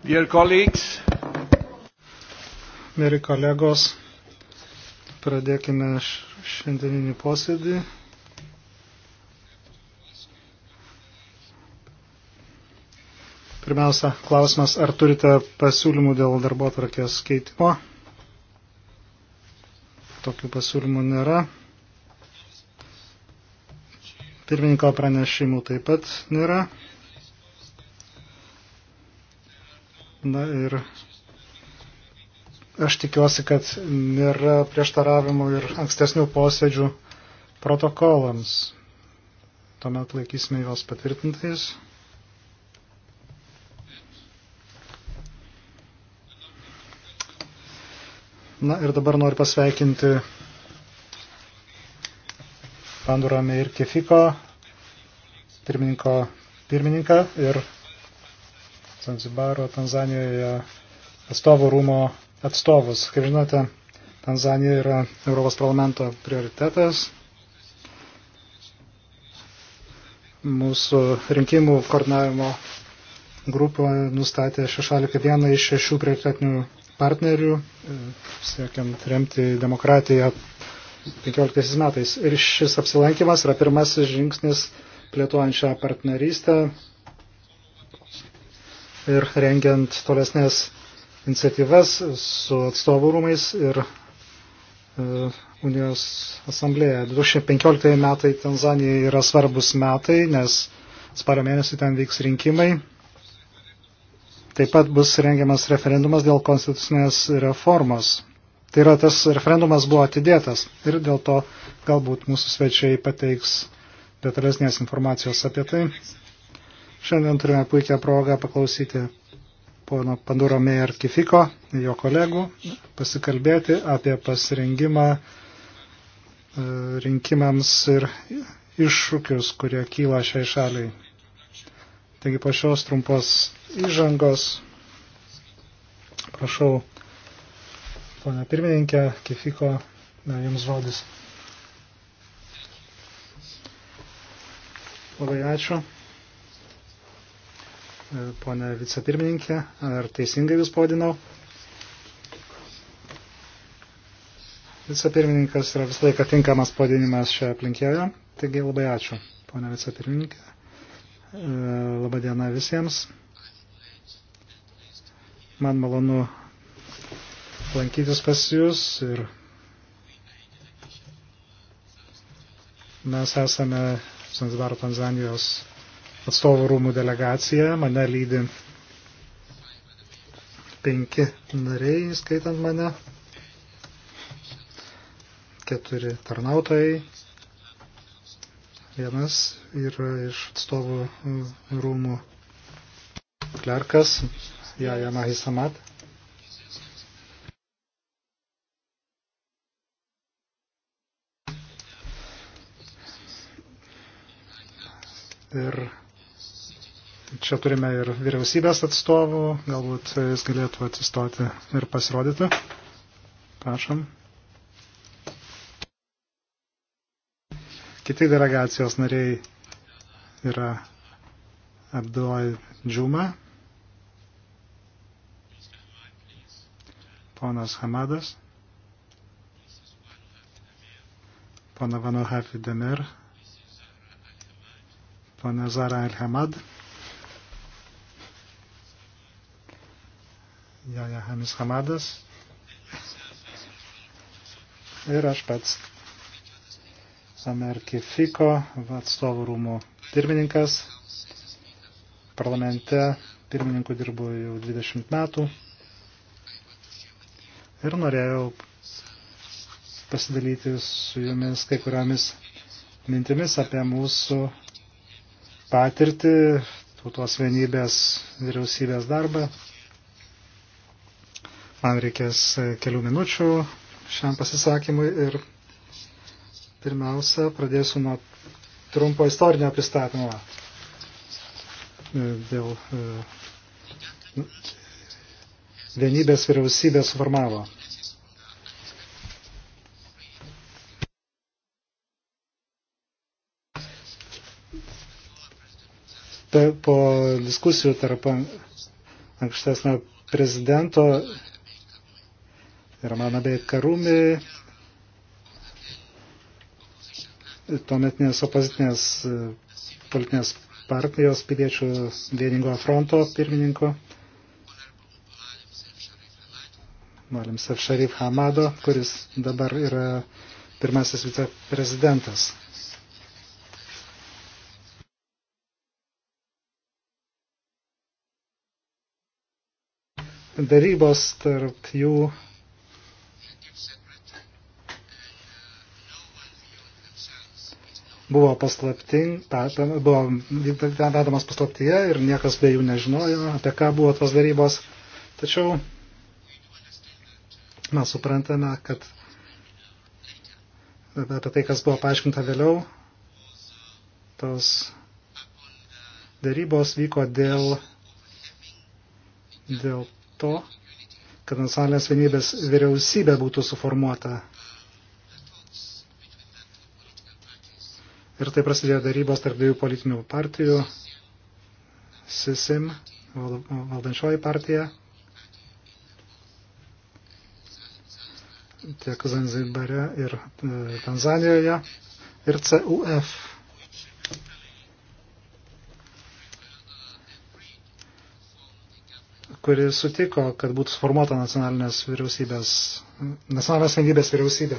Dear colleagues. Mėly kolegos, pradėkime šiandieninį posėdį. Pirmiausia, klausimas, ar turite pasiūlymų dėl darbo tvarkės keitimo? Tokių pasiūlymų nėra. Pirmininko pranešimų taip pat nėra. Na ir aš tikiuosi, kad nėra prieštaravimų ir ankstesnių posėdžių protokolams. Tuomet laikysime juos patvirtintais. Na ir dabar noriu pasveikinti Pandurą Meir Kefiko, pirmininko pirmininką ir Zanzibaro, Tanzanijoje atstovų rūmo atstovus. Kaip žinote, Tanzanija yra Europos parlamento prioritetas. Mūsų rinkimų koordinavimo grupė nustatė šešalį kaip vieną iš šešių prioritetinių partnerių, e, siekiant remti demokratiją 15 metais. Ir šis apsilankimas yra pirmasis žingsnis plėtojant šią partnerystę ir rengiant tolesnės iniciatyvas su atstovų rūmais ir e, Unijos asamblėje. 2015 metai Tanzanijai yra svarbus metai, nes spalio mėnesį ten vyks rinkimai. Taip pat bus rengiamas referendumas dėl konstitucinės reformos. Tai yra tas referendumas buvo atidėtas ir dėl to galbūt mūsų svečiai pateiks detalesnės informacijos apie tai. Šiandien turime puikią progą paklausyti pono Panduro Meir Kifiko, jo kolegų, pasikalbėti apie pasirengimą e, rinkimams ir iššūkius, kurie kyla šiai šaliai. Taigi po šios trumpos įžangos prašau, ponia pirmininkė, Kifiko, na, jums žodis. Labai ačiū ponė vicepirmininkė, ar teisingai jūs pavadinau? Vicepirmininkas yra visą laiką tinkamas pavadinimas šioje aplinkėje, taigi labai ačiū, ponė vicepirmininkė. E, Labadiena visiems. Man malonu lankytis pas jūs ir mes esame Zanzibaro Tanzanijos atstovų rūmų delegacija, mane lydi penki nariai, skaitant mane, keturi tarnautojai, vienas yra iš atstovų rūmų klerkas, Jaja Mahisamat. Ir Čia turime ir vyriausybės atstovų, galbūt jis galėtų atsistoti ir pasirodyti. Prašom. Kiti delegacijos nariai yra Abduoj Džuma, ponas Hamadas, pana Vanohafi Demer, pana Zara El Hamad. Jaja Hamis Hamadas ir aš pats Amerkifiko atstovų rūmų pirmininkas. Parlamente pirmininku dirbu jau 20 metų ir norėjau pasidalyti su jumis kai kuriomis mintimis apie mūsų patirtį, tautos vienybės vyriausybės darbą Man reikės e, kelių minučių šiam pasisakymui ir pirmiausia pradėsiu nuo trumpo istorinio pristatymo e, dėl e, vienybės vyriausybė suformavo. Po diskusijų tarp ankštesnio prezidento Ramana Beit Karumi, tuometinės opozitinės e, politinės partijos piliečių vieningo fronto pirmininko Malim Sef Sharif Hamado, kuris dabar yra pirmasis viceprezidentas. Darybos tarp jų buvo, buvo vedamas paslaptyje ir niekas be jų nežinojo, apie ką buvo tos darybos. Tačiau mes suprantame, kad apie tai, kas buvo paaiškinta vėliau, tos darybos vyko dėl, dėl to, kad nacionalinės vienybės vyriausybė būtų suformuota Ir tai prasidėjo darybos tarp dviejų politinių partijų. SISIM, valdančioji partija, tiek Zanzibare ir e, Tanzanijoje, ir CUF. kuri sutiko, kad būtų sformuota nacionalinės vyriausybės, nacionalinės vienybės vyriausybė.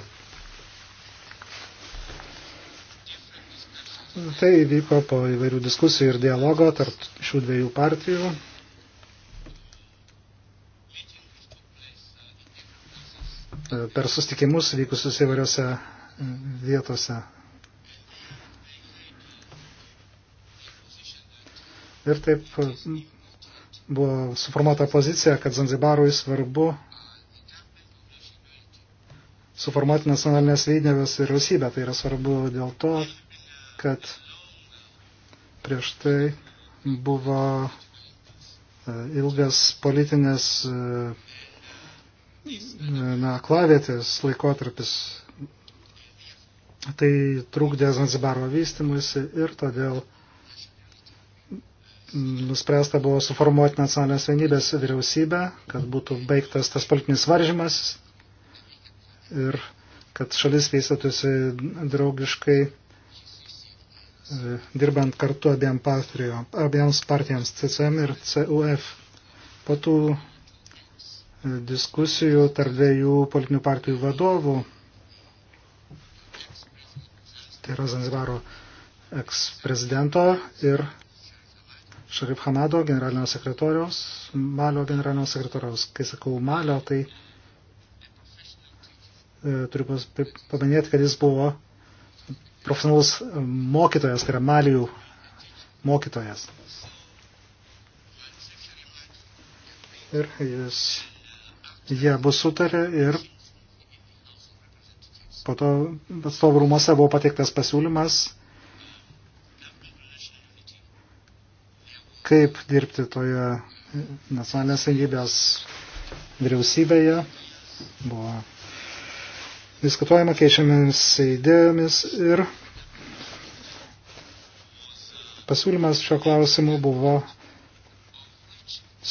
Tai įvyko po įvairių diskusijų ir dialogo tarp šių dviejų partijų. Per sustikimus vykusius įvairiose vietose. Ir taip buvo suformuota pozicija, kad Zanzibarui svarbu suformuoti nacionalinės lydinės vyriausybę. Tai yra svarbu dėl to, kad prieš tai buvo e, ilgas politinės e, na, klavėtės laikotarpis. Tai trūkdė Zanzibaro vystimuisi ir todėl nuspręsta buvo suformuoti nacionalinės vienybės vyriausybę, kad būtų baigtas tas politinis varžymas ir kad šalis vystytųsi draugiškai dirbant kartu abiem pastrijo, abiems partijams CCM ir CUF. Po tų e, diskusijų tarp dviejų politinių partijų vadovų, tai yra Zanzibaro eksprezidento ir Šarif Hamado generalinio sekretoriaus, Malio generalinio sekretoriaus. Kai sakau Malio, tai e, turiu paminėti, kad jis buvo profesionalus mokytojas, tai yra malijų mokytojas. Ir jis, jie bus sutarę ir po to atstovų rūmose buvo pateiktas pasiūlymas, kaip dirbti toje nacionalinės sąjungybės vyriausybėje. Buvo diskutuojama, keičiamės idėjomis ir pasiūlymas šio klausimu buvo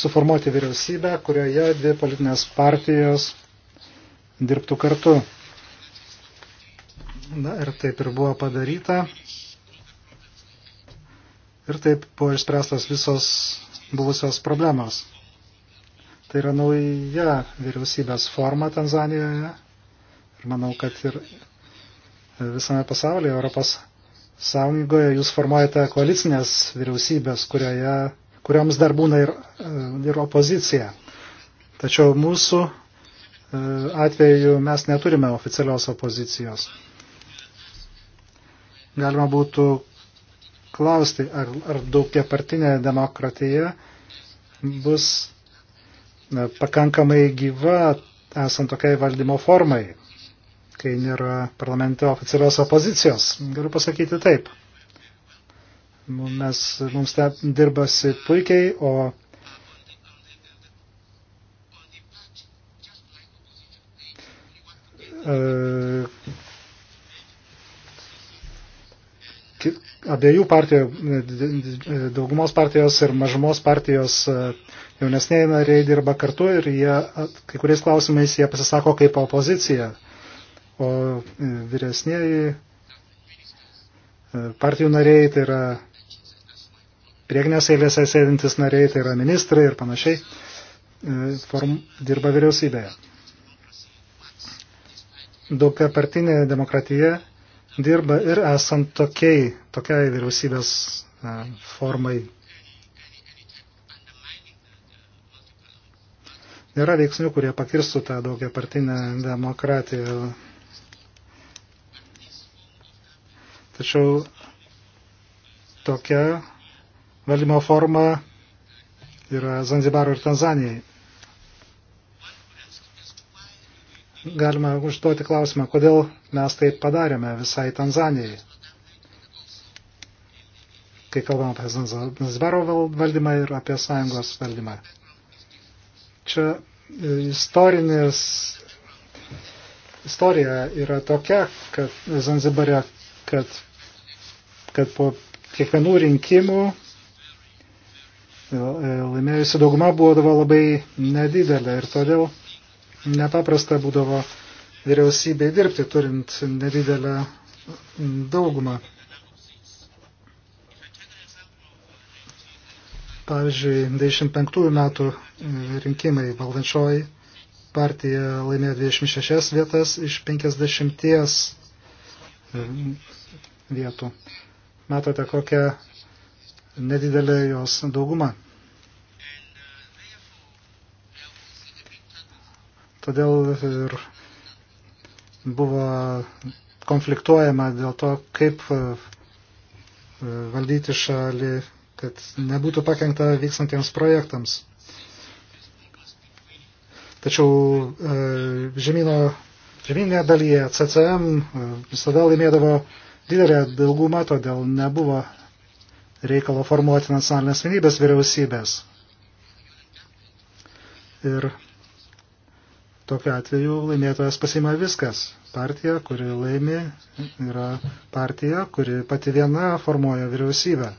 suformuoti vyriausybę, kurioje dvi politinės partijos dirbtų kartu. Na ir taip ir buvo padaryta. Ir taip buvo išspręstas visos buvusios problemos. Tai yra nauja vyriausybės forma Tanzanijoje. Ir manau, kad ir visame pasaulyje, Europos sąjungoje jūs formuojate koalicinės vyriausybės, kurioje, kurioms dar būna ir, e, ir opozicija. Tačiau mūsų e, atveju mes neturime oficialios opozicijos. Galima būtų klausti, ar, ar daugia partinė demokratija bus e, pakankamai gyva esant tokiai valdymo formai kai nėra parlamente oficialios opozicijos. Galiu pasakyti taip. Mes, mums ten dirbasi puikiai, o e, abiejų partijų, daugumos partijos ir mažumos partijos e, jaunesnėje nariai dirba kartu ir jie, kai kuriais klausimais jie pasisako kaip opozicija o vyresnieji e, partijų nariai tai yra priegnės eilėse sėdintis nariai, tai yra ministrai ir panašiai, e, form, dirba vyriausybėje. Daugiapartinė demokratija dirba ir esant tokiai, tokiai vyriausybės e, formai. Nėra veiksnių, kurie pakirstų tą daugiapartinę demokratiją Tačiau tokia valdymo forma yra Zanzibaro ir Tanzanijai. Galima užduoti klausimą, kodėl mes tai padarėme visai Tanzanijai. Kai kalbam apie Zanzibaro valdymą ir apie sąjungos valdymą. Čia e, istorinis, istorija yra tokia, kad Zanzibare, kad kad po kiekvienų rinkimų e, laimėjusi dauguma būdavo labai nedidelė ir todėl nepaprasta būdavo vyriausybei dirbti, turint nedidelę daugumą. Pavyzdžiui, 95 metų rinkimai valdančioji partija laimėjo 26 vietas iš 50 e, vietų. Matote, kokia nedidelė jos dauguma. Todėl ir buvo konfliktuojama dėl to, kaip e, valdyti šalį, kad nebūtų pakengta vykstantiems projektams. Tačiau e, žemino, žemynėje dalyje CCM e, visada laimėdavo didelė dauguma, todėl nebuvo reikalo formuoti nacionalinės vienybės vyriausybės. Ir tokiu atveju laimėtojas pasima viskas. Partija, kuri laimi, yra partija, kuri pati viena formuoja vyriausybę.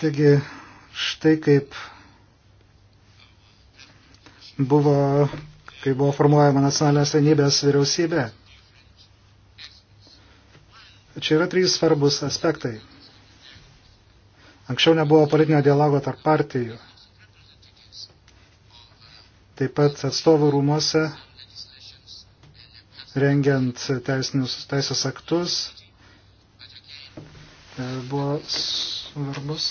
Taigi, štai kaip buvo kai buvo formuojama nacionalinės vienybės vyriausybė. Čia yra trys svarbus aspektai. Anksčiau nebuvo politinio dialogo tarp partijų. Taip pat atstovų rūmose, rengiant teisinius teisės aktus, e, buvo svarbus.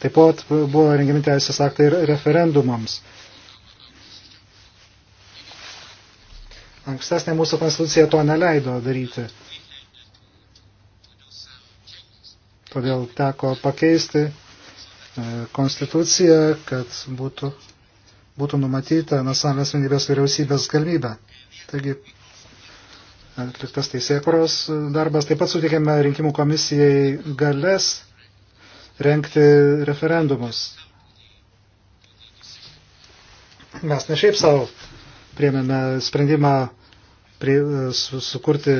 Taip pat buvo rengiami teisės aktai ir referendumams. Ankstesnė mūsų konstitucija to neleido daryti. Todėl teko pakeisti e, konstituciją, kad būtų, būtų numatyta nacionalinės vienybės vyriausybės galimybė. Taigi, atliktas teisėkuros darbas. Taip pat sutikėme rinkimų komisijai galės renkti referendumus. Mes ne šiaip savo priemėme sprendimą prie, su, sukurti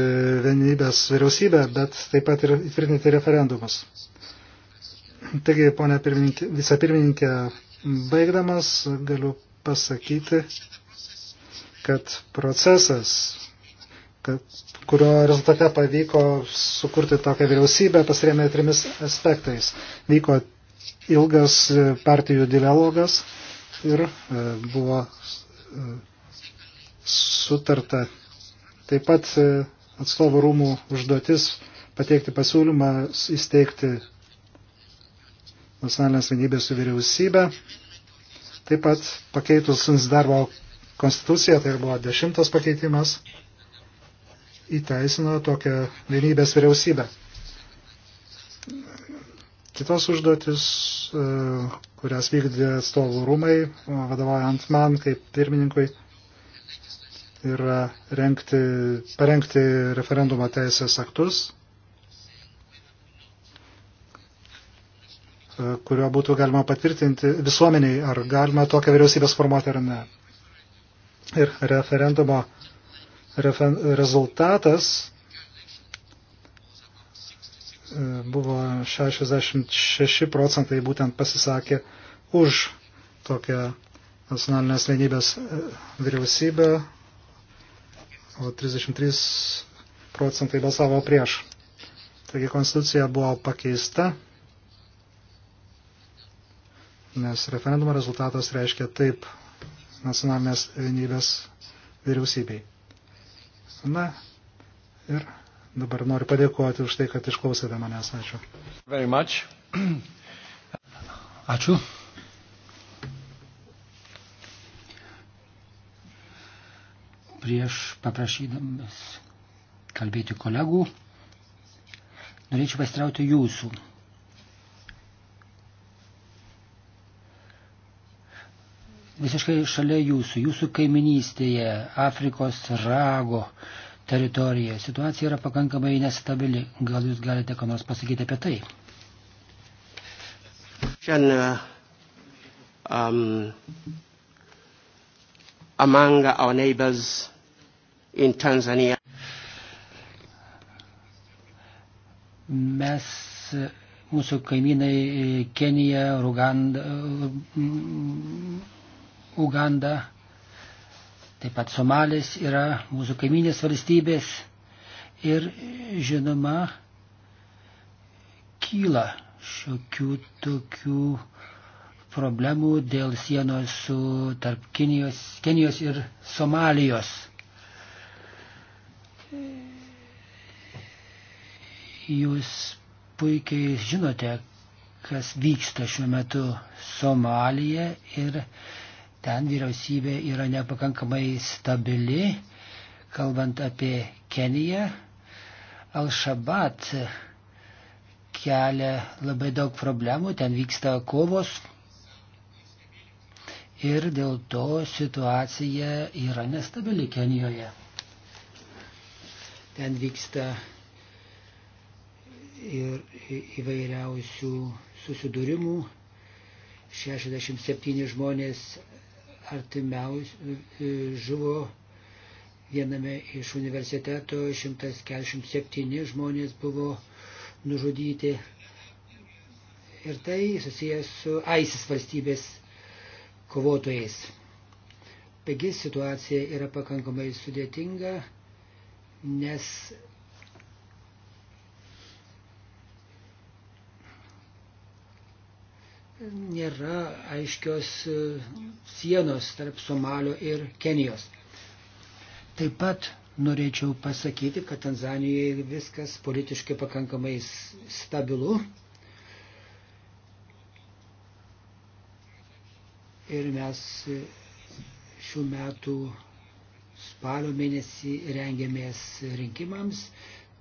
vienybės vyriausybę, bet taip pat ir įtvirtinti referendumus. Taigi, ponia vicepirmininkė, baigdamas galiu pasakyti, kad procesas, kad, kurio rezultate pavyko sukurti tokią vyriausybę, pasirėmė trimis aspektais. Vyko ilgas partijų dialogas ir e, buvo e, sutarta. Taip pat e, atstovų rūmų užduotis pateikti pasiūlymą įsteigti nacionalinės vienybės su vyriausybė. Taip pat pakeitus darbo konstituciją, tai buvo dešimtas pakeitimas, įteisino tokią vienybės vyriausybę. Kitos užduotis, e, kurias vykdė atstovų rūmai, vadovaujant man kaip pirmininkui, yra renkti, parengti referendumo teisės aktus, e, kurio būtų galima patvirtinti visuomeniai, ar galima tokią vyriausybę formuoti ar ne. Ir referendumo refer, rezultatas e, buvo 66 procentai būtent pasisakė už tokią nacionalinės vienybės e, vyriausybę o 33 procentai balsavo prieš. Taigi konstitucija buvo pakeista, nes referendumo rezultatas reiškia taip nacionalinės vienybės vyriausybei. Na ir dabar noriu padėkoti už tai, kad išklausėte manęs. Ačiū. Very much. Ačiū. prieš paprašydamas kalbėti kolegų, norėčiau pastrauti jūsų. Visiškai šalia jūsų, jūsų kaiminystėje, Afrikos rago teritorijoje situacija yra pakankamai nestabili. Gal jūs galite ką nors pasakyti apie tai? Šiandien um, among our neighbors in Tanzania. Mes, mūsų kaimynai e, Kenija, Ruganda, e, Uganda, taip pat Somalis yra mūsų kaiminės valstybės ir žinoma, kyla šiokių tokių uh, problemų dėl sienos su tarp Kinijos, Kenijos ir Somalijos. Jūs puikiai žinote, kas vyksta šiuo metu Somalija ir ten vyriausybė yra nepakankamai stabili. Kalbant apie Keniją, Al-Shabat kelia labai daug problemų, ten vyksta kovos, ir dėl to situacija yra nestabili Kenijoje. Ten vyksta ir įvairiausių susidūrimų. 67 žmonės artimiausių e, žuvo viename iš universiteto, 147 žmonės buvo nužudyti. Ir tai susijęs su ISIS valstybės kovotojais. Taigi situacija yra pakankamai sudėtinga, nes nėra aiškios e, sienos tarp Somalio ir Kenijos. Taip pat norėčiau pasakyti, kad Tanzanijoje viskas politiškai pakankamai stabilu. Ir mes šių metų spalio mėnesį rengiamės rinkimams.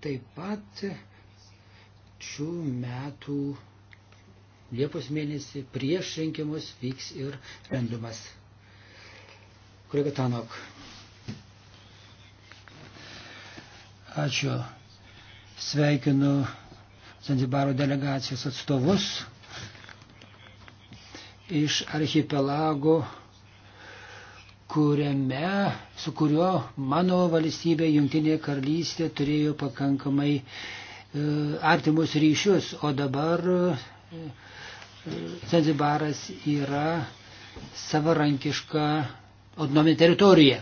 Taip pat šių metų Liepos mėnesį prieš rinkimus vyks ir rendumas. Kolega Tanok. Ačiū. Sveikinu Zanzibaro delegacijos atstovus iš archipelago, kuriame, su kuriuo mano valstybė Junktinė karalystė turėjo pakankamai e, artimus ryšius, o dabar e, Zanzibaras yra savarankiška autonominė teritorija.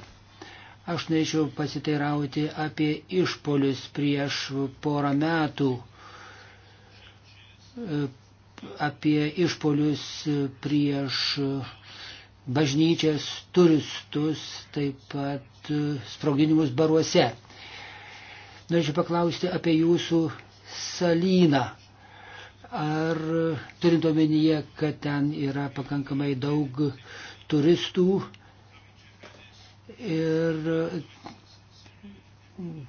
Aš norėčiau pasiteirauti apie išpolius prieš porą metų e, apie išpolius prieš bažnyčias, turistus, taip pat sprogdinimus baruose. Norėčiau paklausti apie jūsų salyną. Ar turint omenyje, kad ten yra pakankamai daug turistų ir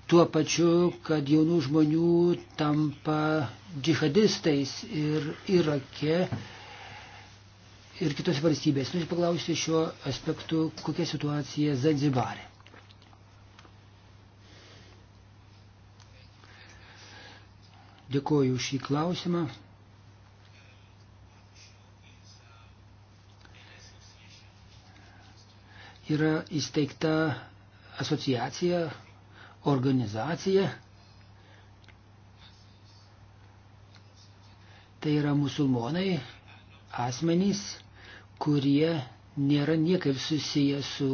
tuo pačiu, kad jaunų žmonių tampa džihadistais ir Irake ir kitose valstybėse. Noriu paklausti šiuo aspektu, kokia situacija Zanzibarė. Dėkuoju šį klausimą. Yra įsteigta asociacija organizacija. Tai yra musulmonai, asmenys, kurie nėra niekaip susiję su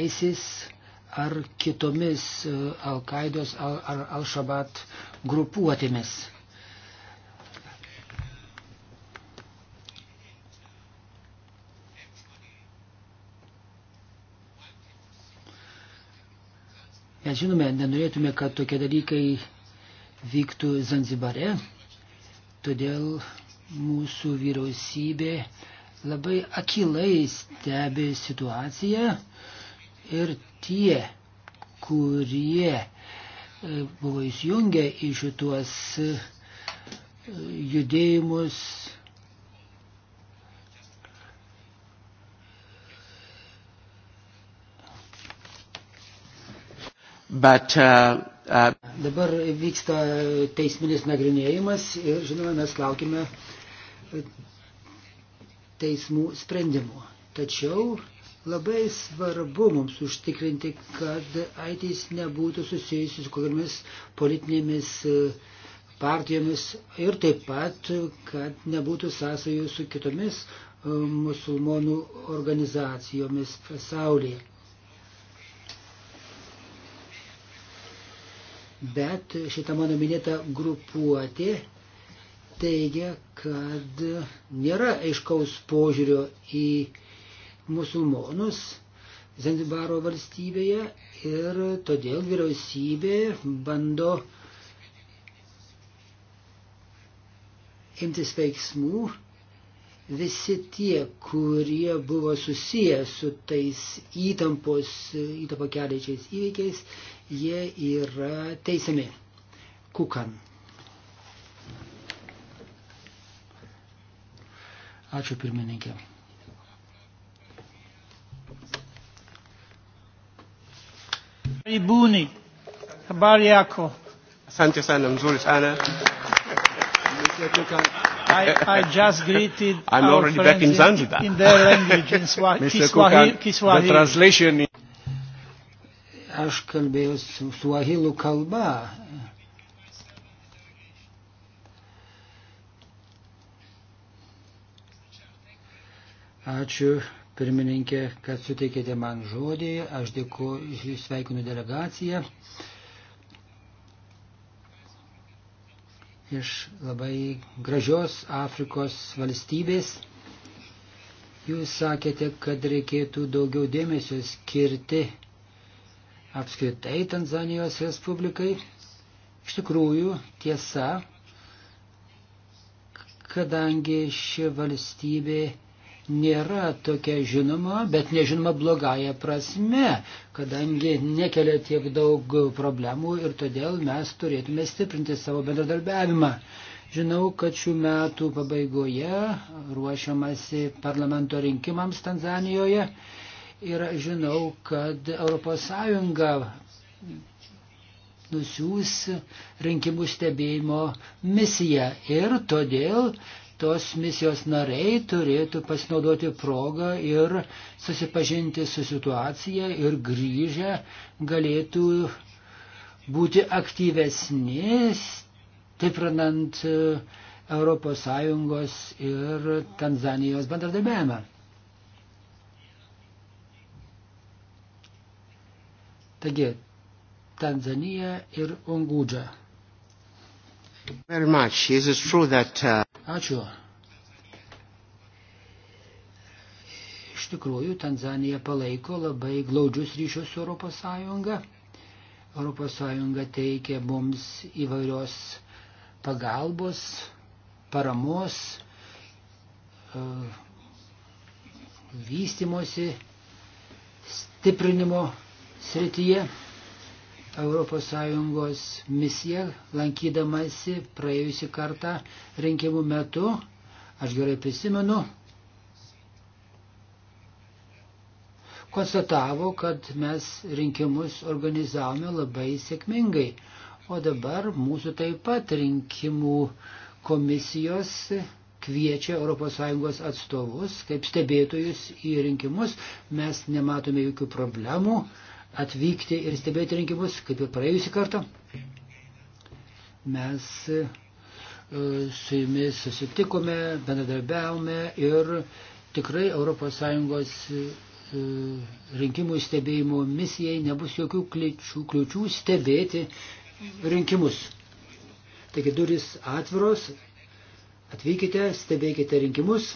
ISIS ar kitomis e, Al-Qaidos ar Al-Shabat grupuotėmis. Mes žinome, nenorėtume, kad tokie dalykai vyktų Zanzibare, todėl mūsų vyriausybė labai akilai stebi situaciją ir tie, kurie e, buvo įsijungę į šituos e, judėjimus, But, uh, uh, Dabar vyksta teisminis nagrinėjimas ir, žinoma, mes laukime teismų sprendimų. Tačiau labai svarbu mums užtikrinti, kad ateis nebūtų susijusi su kokiamis politinėmis uh, partijomis ir taip pat, kad nebūtų sąsajų su kitomis uh, musulmonų organizacijomis pasaulyje. bet šita mano minėta grupuotė teigia, kad nėra aiškaus požiūrio į musulmonus Zanzibaro valstybėje ir todėl vyriausybė bando imtis veiksmų. Visi tie, kurie buvo susiję su tais įtampos, įtapo keliaičiais įvykiais, jie yra teisiami. Kukan. Ačiū pirmininkė. Karibuni. Habari yako? Asante sana, mzuri sana. I, I just greeted I'm our already back in Zanzibar. In their language, in Swahili. Mr. Kukan, Kiswahili. the translation aš kalbėjau su suahilų kalba. Ačiū pirmininkė, kad suteikėte man žodį. Aš dėkuoju, sveikinu delegaciją. iš labai gražios Afrikos valstybės. Jūs sakėte, kad reikėtų daugiau dėmesio skirti apskritai Tanzanijos Respublikai. Iš tikrųjų tiesa, kadangi ši valstybė nėra tokia žinoma, bet nežinoma blogąją prasme, kadangi nekelia tiek daug problemų ir todėl mes turėtume stiprinti savo bendradarbiavimą. Žinau, kad šių metų pabaigoje ruošiamasi parlamento rinkimams Tanzanijoje Ir žinau, kad ES nusiūs rinkimų stebėjimo misiją. Ir todėl tos misijos nariai turėtų pasinaudoti progą ir susipažinti su situacija ir grįžę galėtų būti aktyvesni, stiprinant ES ir Tanzanijos bendradarbiavimą. Taigi, Tanzanija ir Ungūdža. Uh, Ačiū. Iš tikrųjų, Tanzanija palaiko labai glaudžius ryšius su Europos Sąjunga. Europos Sąjunga teikia mums įvairios pagalbos, paramos, uh, vystimosi, stiprinimo srityje. ES misija, lankydamasi praėjusi kartą rinkimų metu, aš gerai prisimenu, konstatavo, kad mes rinkimus organizavome labai sėkmingai. O dabar mūsų taip pat rinkimų komisijos kviečia ES atstovus kaip stebėtojus į rinkimus. Mes nematome jokių problemų atvykti ir stebėti rinkimus, kaip ir praėjusį kartą. Mes e, su jumis susitikome, bendradarbiavome ir tikrai ES e, rinkimų stebėjimo misijai nebus jokių kliučių, kliučių stebėti rinkimus. Taigi duris atviros, atvykite, stebėkite rinkimus.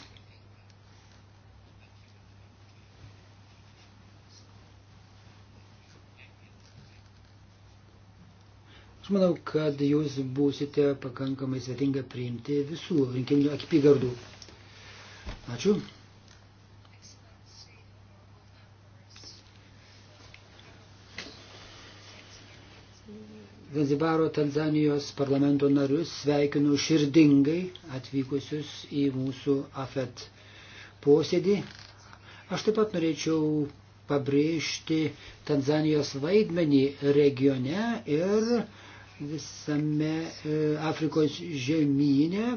Aš manau, kad jūs būsite pakankamai svetinga priimti visų rinkiminių apygardų. Ačiū. Zanzibaro Tanzanijos parlamento narius sveikinu širdingai atvykusius į mūsų AFET posėdį. Aš taip pat norėčiau pabrėžti Tanzanijos vaidmenį regione ir visame e, Afrikos žemynė,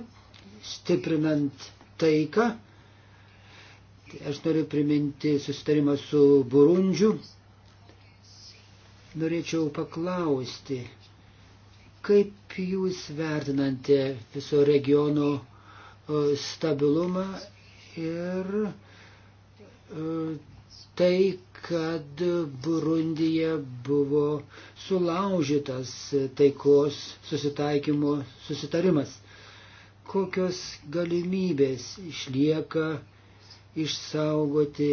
stiprinant taiką. Tai aš noriu priminti susitarimą su Burundžiu. Norėčiau paklausti, kaip jūs vertinate viso regiono e, stabilumą ir e, tai, kad Burundija buvo sulaužytas taikos susitaikymo susitarimas. Kokios galimybės išlieka išsaugoti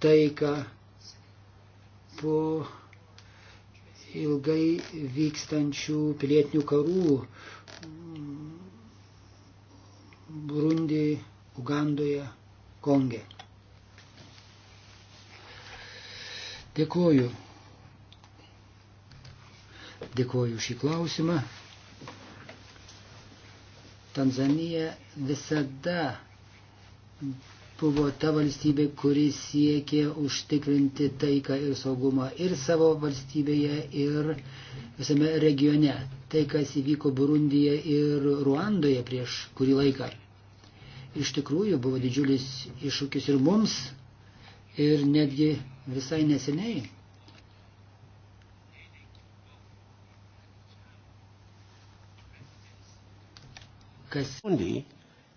taiką po ilgai vykstančių pilietinių karų Burundi, Ugandoje, Konge. Dėkuoju. Dėkuoju šį klausimą. Tanzanija visada buvo ta valstybė, kuri siekė užtikrinti taiką ir saugumą ir savo valstybėje, ir visame regione. Tai, kas įvyko Burundija ir Ruandoje prieš kurį laiką, iš tikrųjų buvo didžiulis iššūkis ir mums, ir netgi visai neseniai kas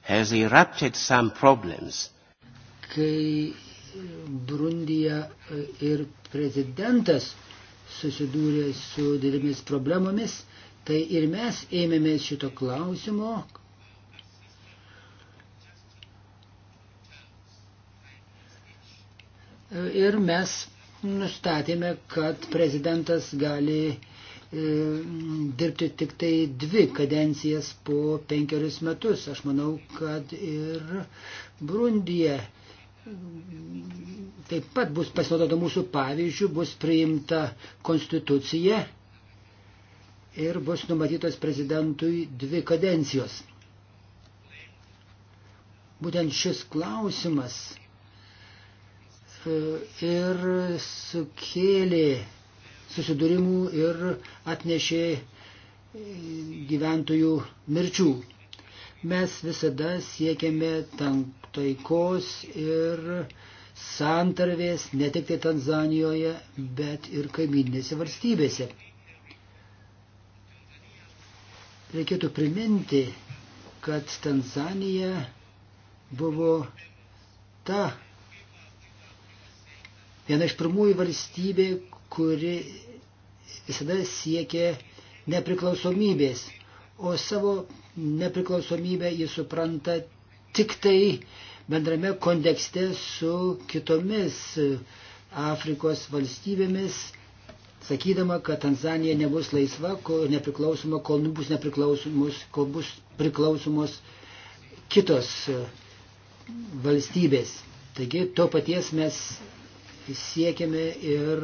has erupted some problems. Kai Brundija e, ir prezidentas susidūrė su didelėmis problemomis, tai ir mes ėmėmės šito klausimo, ir mes nustatėme, kad prezidentas gali e, dirbti tik tai dvi kadencijas po penkerius metus. Aš manau, kad ir Brundija taip pat bus pasinaudota mūsų pavyzdžių, bus priimta konstitucija ir bus numatytos prezidentui dvi kadencijos. Būtent šis klausimas ir sukėlė susidūrimų ir atnešė gyventojų mirčių. Mes visada siekiame taikos ir santarvės ne tik tai Tanzanijoje, bet ir kaiminėse valstybėse. Reikėtų priminti, kad Tanzanija buvo ta viena iš pirmųjų valstybė, kuri visada siekė nepriklausomybės, o savo nepriklausomybę jis supranta tik tai bendrame kontekste su kitomis Afrikos valstybėmis, sakydama, kad Tanzanija nebus laisva, kol nepriklausoma, kol bus nepriklausomos, kol bus priklausomos kitos valstybės. Taigi to paties mes siekiame ir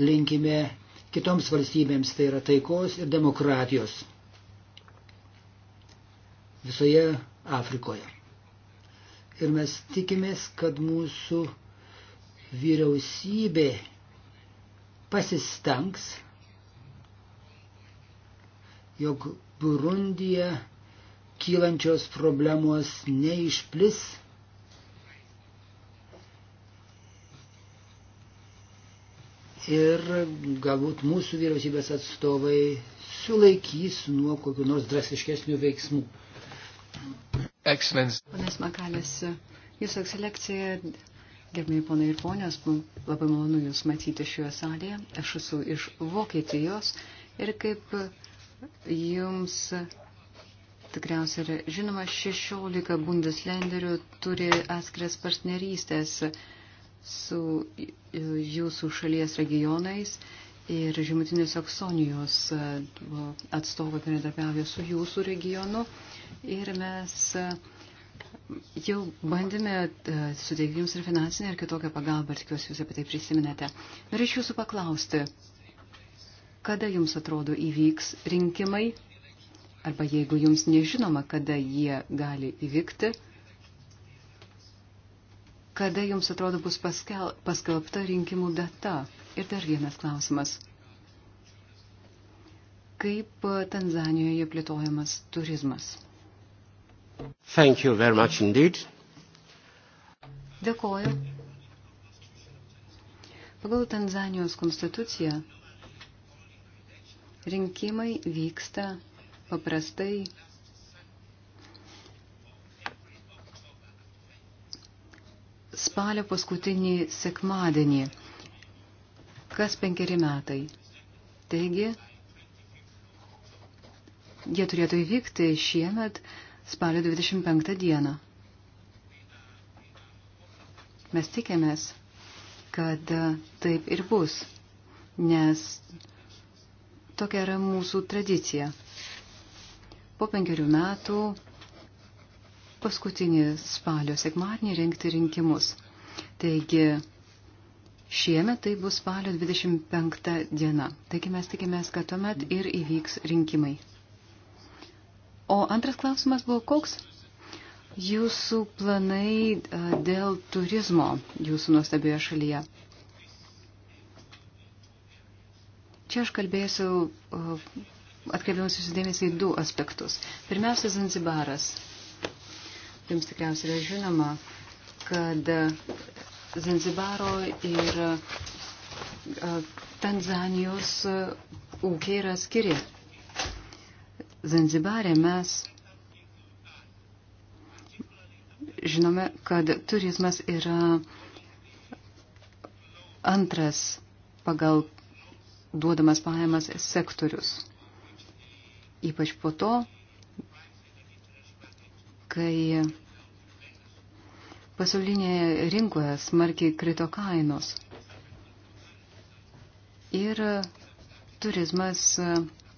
linkime kitoms valstybėms, tai yra taikos ir demokratijos visoje Afrikoje. Ir mes tikimės, kad mūsų vyriausybė pasistengs, jog Burundija kylančios problemos neišplis ir galbūt mūsų vyriausybės atstovai sulaikys nuo kokiu nors drastiškesnių veiksmų. Excellence. Ponas Makalės, Jūsų ekscelencija, gerbėjai ponai ir ponios, labai malonu Jūs matyti šioje salėje. Aš esu iš Vokietijos ir kaip Jums tikriausiai yra žinoma, 16 bundeslenderių turi atskiras partnerystės. Uh, su jūsų šalies regionais ir Žemutinės Saksonijos e, atstovai bendradarbiavo su jūsų regionu ir mes e, jau bandėme e, suteikti jums ir finansinę, ir kitokią pagalbą, ir tikiuosi jūs apie tai prisiminate. Norėčiau jūsų paklausti, kada jums atrodo įvyks rinkimai, arba jeigu jums nežinoma, kada jie gali įvykti kada jums atrodo bus paskel, paskelbta rinkimų data? Ir dar vienas klausimas. Kaip Tanzanijoje plėtojamas turizmas? Thank you very much indeed. Dėkoju. Pagal Tanzanijos konstituciją rinkimai vyksta paprastai spalio paskutinį sekmadienį, kas penkeri metai. Taigi, jie turėtų įvykti šiemet spalio 25 dieną. Mes tikėmės, kad taip ir bus, nes tokia yra mūsų tradicija. Po penkerių metų paskutinį spalio sekmadienį rengti rinkimus. Taigi šiemet tai bus spalio 25 diena. Taigi mes tikimės, kad tuomet ir įvyks rinkimai. O antras klausimas buvo koks? Jūsų planai dėl turizmo jūsų nuostabioje šalyje. Čia aš kalbėsiu, atkreipiamas jūsų dėmesį į du aspektus. Pirmiausia, Zanzibaras. Jums tikriausiai yra žinoma, kad Zanzibaro ir Tanzanijos ūkiai yra skiri. Zanzibarė mes žinome, kad turizmas yra antras pagal duodamas pajamas sektorius. Ypač po to, kai pasaulinėje rinkoje smarkiai krito kainos. Ir turizmas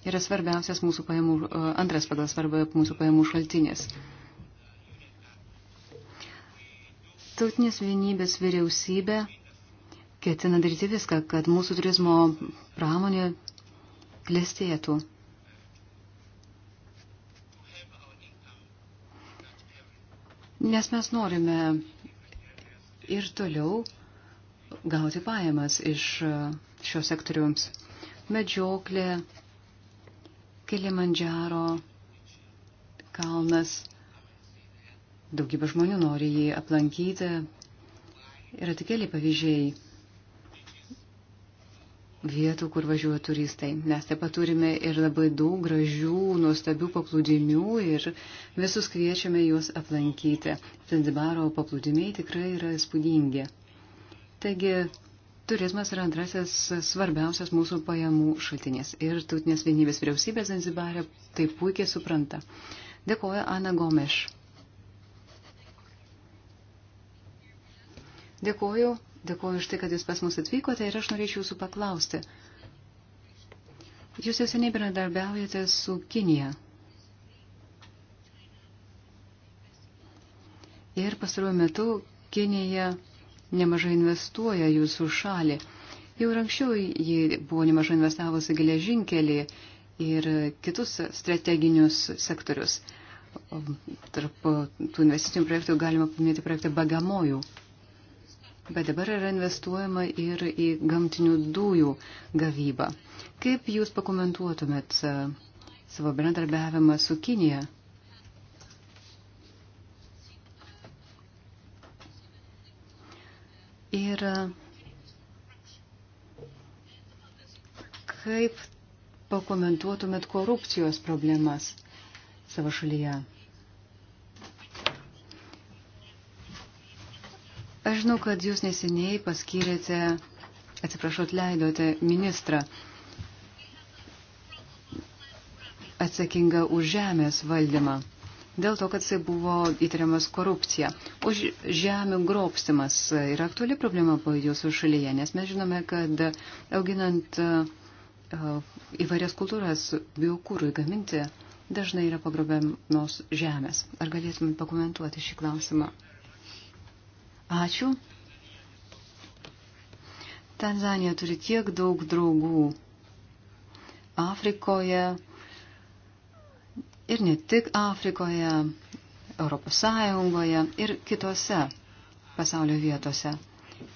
yra svarbiausias mūsų pajamų, antras pagal svarbą mūsų pajamų šaltinis. Tautinės vienybės vyriausybė ketina daryti viską, kad mūsų turizmo pramonė klestėtų. nes mes norime ir toliau gauti pajamas iš šio sektoriums. Medžioklė, Kilimandžaro kalnas, daugybė žmonių nori jį aplankyti. Yra tik keli pavyzdžiai vietų, kur važiuoja turistai. Mes taip pat turime ir labai daug gražių, nuostabių paplūdimių ir visus kviečiame juos aplankyti. Zanzibaro paplūdimiai tikrai yra įspūdingi. Taigi, turizmas yra antrasis svarbiausias mūsų pajamų šaltinis ir tautinės vienybės vyriausybė Zanzibarė tai puikiai supranta. Dėkoju Ana Gomeš. Dėkoju Dėkuoju už tai, kad jūs pas mus atvykote ir aš norėčiau jūsų paklausti. Jūs jau seniai bendradarbiaujate su Kinija. Ir pastaruoju metu Kinija nemažai investuoja jūsų šalį. Jau ir anksčiau ji buvo nemažai investavusi geležinkelį ir kitus strateginius sektorius. Tarp tų investicinių projektų galima paminėti projektą Bagamojų. Bet dabar yra investuojama ir į gamtinių dujų gavybą. Kaip Jūs pakomentuotumėt e, savo bendradarbiavimą su Kinija? Ir e, kaip pakomentuotumėt korupcijos problemas savo šalyje? Aš žinau, kad jūs neseniai paskyrėte, atsiprašau, leidote ministrą atsakingą už žemės valdymą. Dėl to, kad jisai buvo įtariamas korupcija. Už žemių grobstimas yra aktuali problema po jūsų šalyje, nes mes žinome, kad auginant e, įvairias kultūras biokūrui gaminti dažnai yra pagrobiamos žemės. Ar galėtum pakomentuoti šį klausimą? Ačiū. Tanzanija turi tiek daug draugų Afrikoje ir ne tik Afrikoje, Europos Sąjungoje ir kitose pasaulio vietose.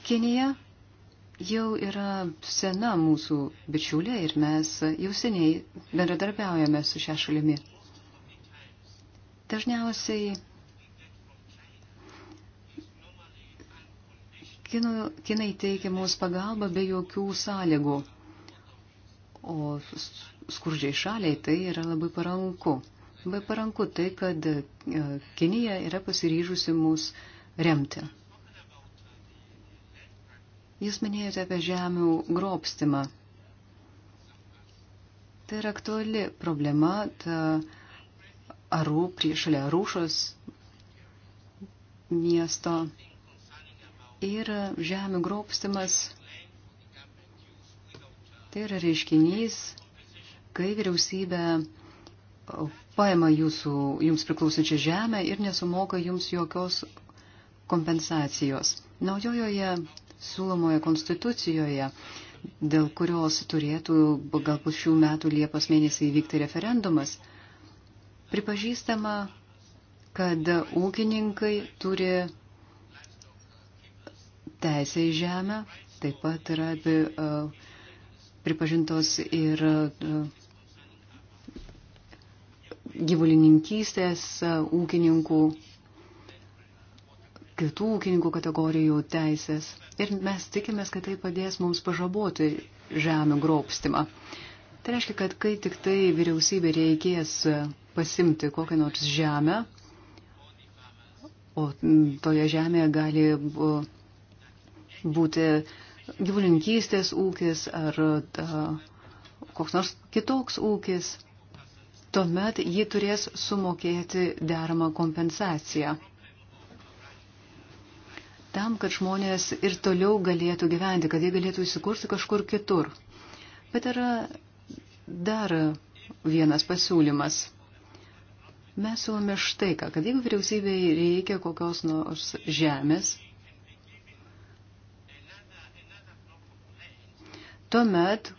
Kinija jau yra sena mūsų bičiulė ir mes jau seniai bendradarbiaujame su šia šalimi. Dažniausiai Kino, kinai teikia mums pagalbą be jokių sąlygų, o skurdžiai šaliai tai yra labai paranku. Labai paranku tai, kad e, Kinija yra pasiryžusi mus remti. Jūs minėjote apie žemių grobstimą. Tai yra aktuali problema, ta arų, prie, šalia rūšos miesto ir žemė grobstimas. Tai yra reiškinys, kai vyriausybė paima jūsų, jums priklausančią žemę ir nesumoka jums jokios kompensacijos. Naujojoje siūlomoje konstitucijoje, dėl kurios turėtų galbūt šių metų Liepos mėnesį įvykti referendumas, pripažįstama, kad ūkininkai turi teisė į žemę taip pat yra e, pripažintos ir e, gyvulininkystės e, ūkininkų, kitų ūkininkų kategorijų teisės. Ir mes tikimės, kad tai padės mums pažaboti žemę grobstimą. Tai reiškia, kad kai tik tai vyriausybė reikės pasimti kokią nors žemę, o toje žemėje gali būti gyvulinkystės ūkis ar da, koks nors kitoks ūkis, tuomet ji turės sumokėti deramą kompensaciją. Tam, kad žmonės ir toliau galėtų gyventi, kad jie galėtų įsikurti kažkur kitur. Bet yra dar vienas pasiūlymas. Mes siūlome štai ką, kad jeigu vyriausybei reikia kokios nors žemės, tuomet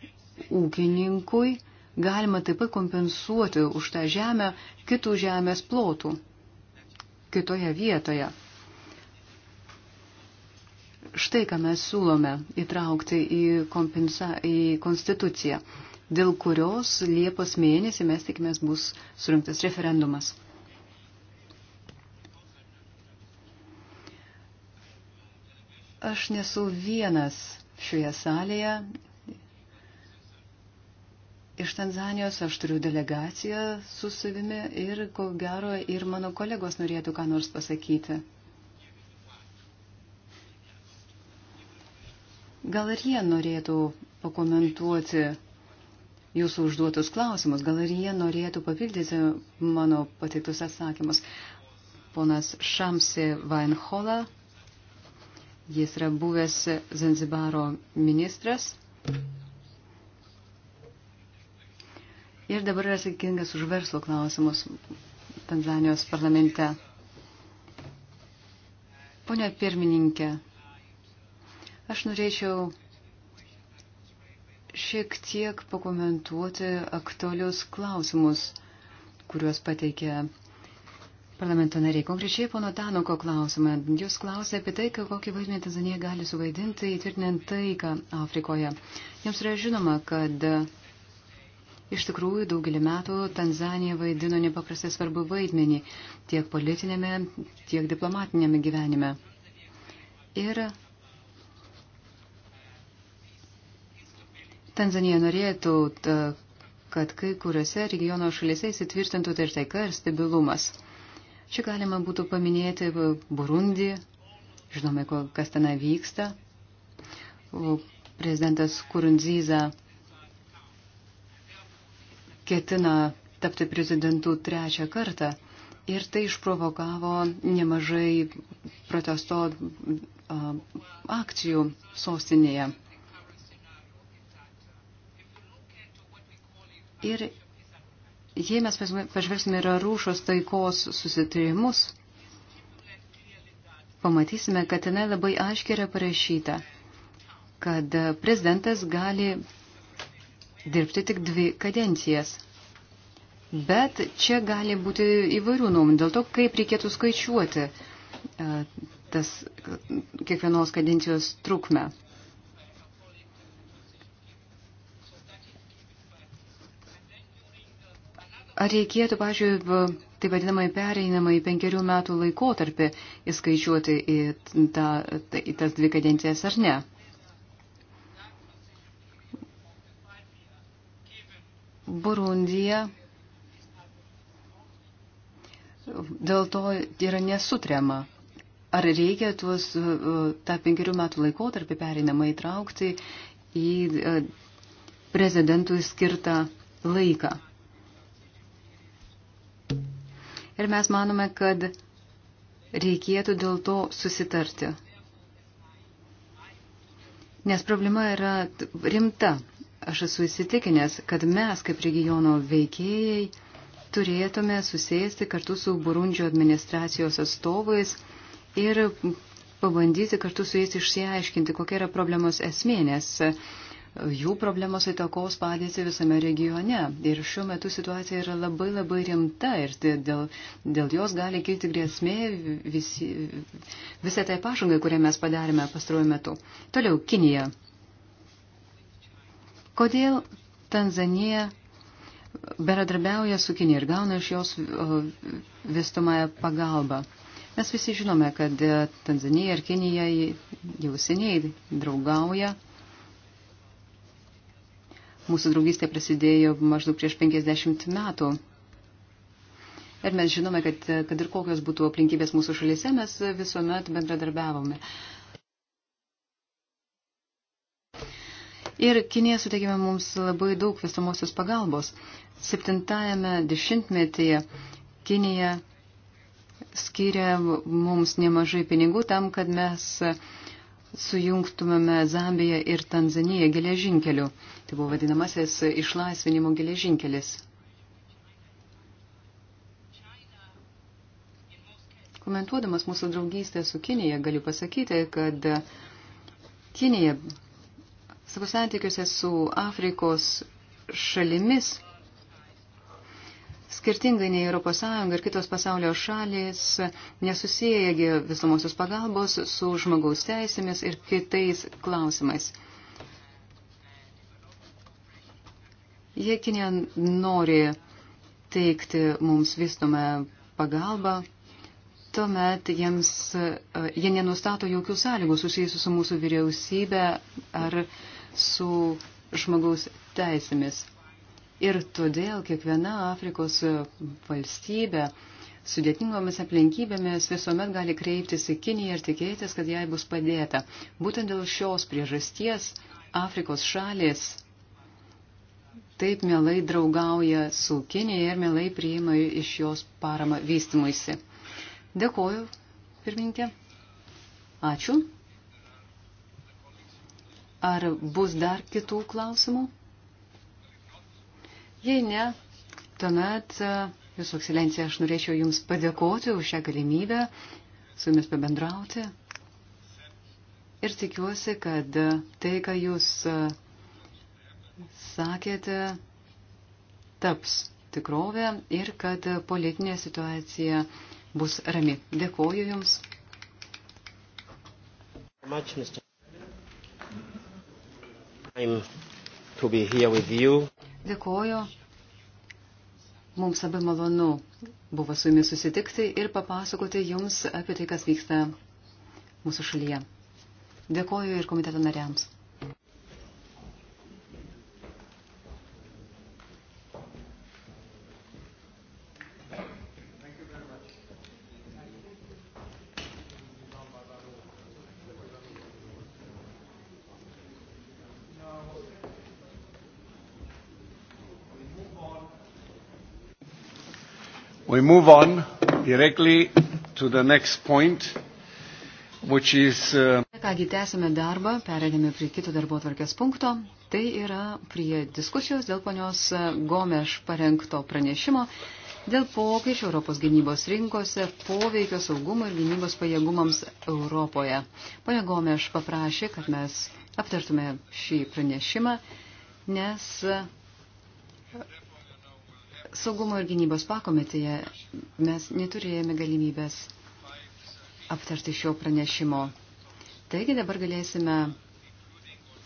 ūkininkui galima taip pat kompensuoti už tą žemę kitų žemės plotų kitoje vietoje. Štai ką mes siūlome įtraukti į, kompensa, į konstituciją, dėl kurios Liepos mėnesį mes tikimės bus surinktas referendumas. Aš nesu vienas šioje salėje iš Tanzanijos, aš turiu delegaciją su savimi ir, ko gero, ir mano kolegos norėtų ką nors pasakyti. Gal ir jie norėtų pakomentuoti jūsų užduotus klausimus, gal ir jie norėtų papildyti mano pateiktus atsakymus. Ponas Šamsi Weinhola, jis yra buvęs Zanzibaro ministras ir dabar yra sakingas už verslo klausimus Tanzanijos parlamente. Pone pirmininkė, aš norėčiau šiek tiek pakomentuoti aktualius klausimus, kuriuos pateikė parlamento nariai. Konkrečiai pono Danoko klausimą. Jūs klausė apie tai, kokį vaidmenį Tanzanija gali suvaidinti įtvirtinant taiką Afrikoje. Jums yra žinoma, kad Iš tikrųjų, daugelį metų Tanzanija vaidino nepaprastai svarbu vaidmenį tiek politinėme, tiek diplomatinėme gyvenime. Ir Tanzanija norėtų, kad kai kuriuose regiono šalyse įsitvirtintų ir taika ir stabilumas. Čia galima būtų paminėti Burundi, žinome, kas ten vyksta. Prezidentas Kurunzyza ketina tapti prezidentu trečią kartą. Ir tai išprovokavo nemažai protesto akcijų sostinėje. Ir jei mes pažvelgsime ir rūšos taikos susitarimus, pamatysime, kad tenai labai aiškiai yra parašyta, kad prezidentas gali dirbti tik dvi kadencijas. Bet čia gali būti įvairių nuomonių dėl to, kaip reikėtų skaičiuoti e, tas kiekvienos kadencijos trukmę. Ar reikėtų, pažiūrėjau, tai vadinamai pereinamai penkerių metų laikotarpį įskaičiuoti į, tą, į tas dvi kadencijas ar ne? Burundija dėl to yra nesutrema. Ar reikia tuos e, e, tą penkerių metų laikotarpį perinamą įtraukti į e, prezidentui skirtą laiką? Ir mes manome, kad reikėtų dėl to susitarti. Nes problema yra rimta. Aš esu įsitikinęs, kad mes kaip regiono veikėjai turėtume susėsti kartu su Burundžio administracijos atstovais ir pabandyti kartu su jais išsiaiškinti, kokia yra problemos esmė, nes jų problemos įtakos padėti visame regione. Ir šiuo metu situacija yra labai labai rimta ir dėl, dėl jos gali kilti grėsmė visi, visai tai pažangai, kurią mes padarėme pastaruoju metu. Toliau, Kinija. Kodėl Tanzanija beradarbiauja su Kinė ir gauna iš jos vystomąją pagalbą? Mes visi žinome, kad e, Tanzanija ir Kinija jau seniai draugauja. Mūsų draugystė prasidėjo maždaug prieš 50 metų. Ir mes žinome, kad, kad ir kokios būtų aplinkybės mūsų šalyse, mes visuomet bendradarbiavome. Ir Kinėje suteikime mums labai daug visamosios pagalbos. Septintajame dešimtmetyje Kinėje skiria mums nemažai pinigų tam, kad mes sujungtumėme Zambiją ir Tanzaniją geležinkeliu. Tai buvo vadinamasis išlaisvinimo geležinkelis. Komentuodamas mūsų draugystę su Kinėje, galiu pasakyti, kad Kinėje savo santykiuose su Afrikos šalimis, skirtingai nei ES ir kitos pasaulio šalis, nesusijęgi visomosios pagalbos su žmogaus teisėmis ir kitais klausimais. Jei Kinė nori teikti mums vystomą pagalbą, tuomet jiems, jie nenustato jokių sąlygų susijusių su mūsų vyriausybė ar uh, su žmogaus teisėmis. Ir todėl kiekviena Afrikos valstybė sudėtingomis aplinkybėmis visuomet gali kreiptis į Kiniją ir tikėtis, kad jai bus padėta. Būtent dėl šios priežasties Afrikos šalis taip mielai draugauja su Kinija ir mielai priima iš jos paramą vystimuisi. Dėkoju, pirmininkė. Ačiū. Ar bus dar kitų klausimų? Jei ne, tuomet, e, Jūsų ekscelencija, aš norėčiau Jums padėkoti už šią galimybę su Jumis pabendrauti. Ir tikiuosi, kad tai, ką Jūs e, sakėte, taps tikrovę ir kad politinė situacija bus rami. Dėkoju Jums. Much, Dėkoju. Mums labai malonu buvo su jumis susitikti ir papasakoti jums apie tai, kas vyksta mūsų šalyje. Dėkoju ir komiteto nariams. We move on directly to the next point, which is. Uh... Kągi, tęsime darbą, perėdėme prie kito darbo tvarkės punkto. Tai yra prie diskusijos dėl ponios Gomeš parengto pranešimo dėl pokyčių Europos gynybos rinkose poveikio saugumo ir gynybos pajėgumams Europoje. Pone Gomeš paprašė, kad mes aptartume šį pranešimą, nes saugumo ir gynybos pakomitėje mes neturėjome galimybės aptarti šio pranešimo. Taigi dabar galėsime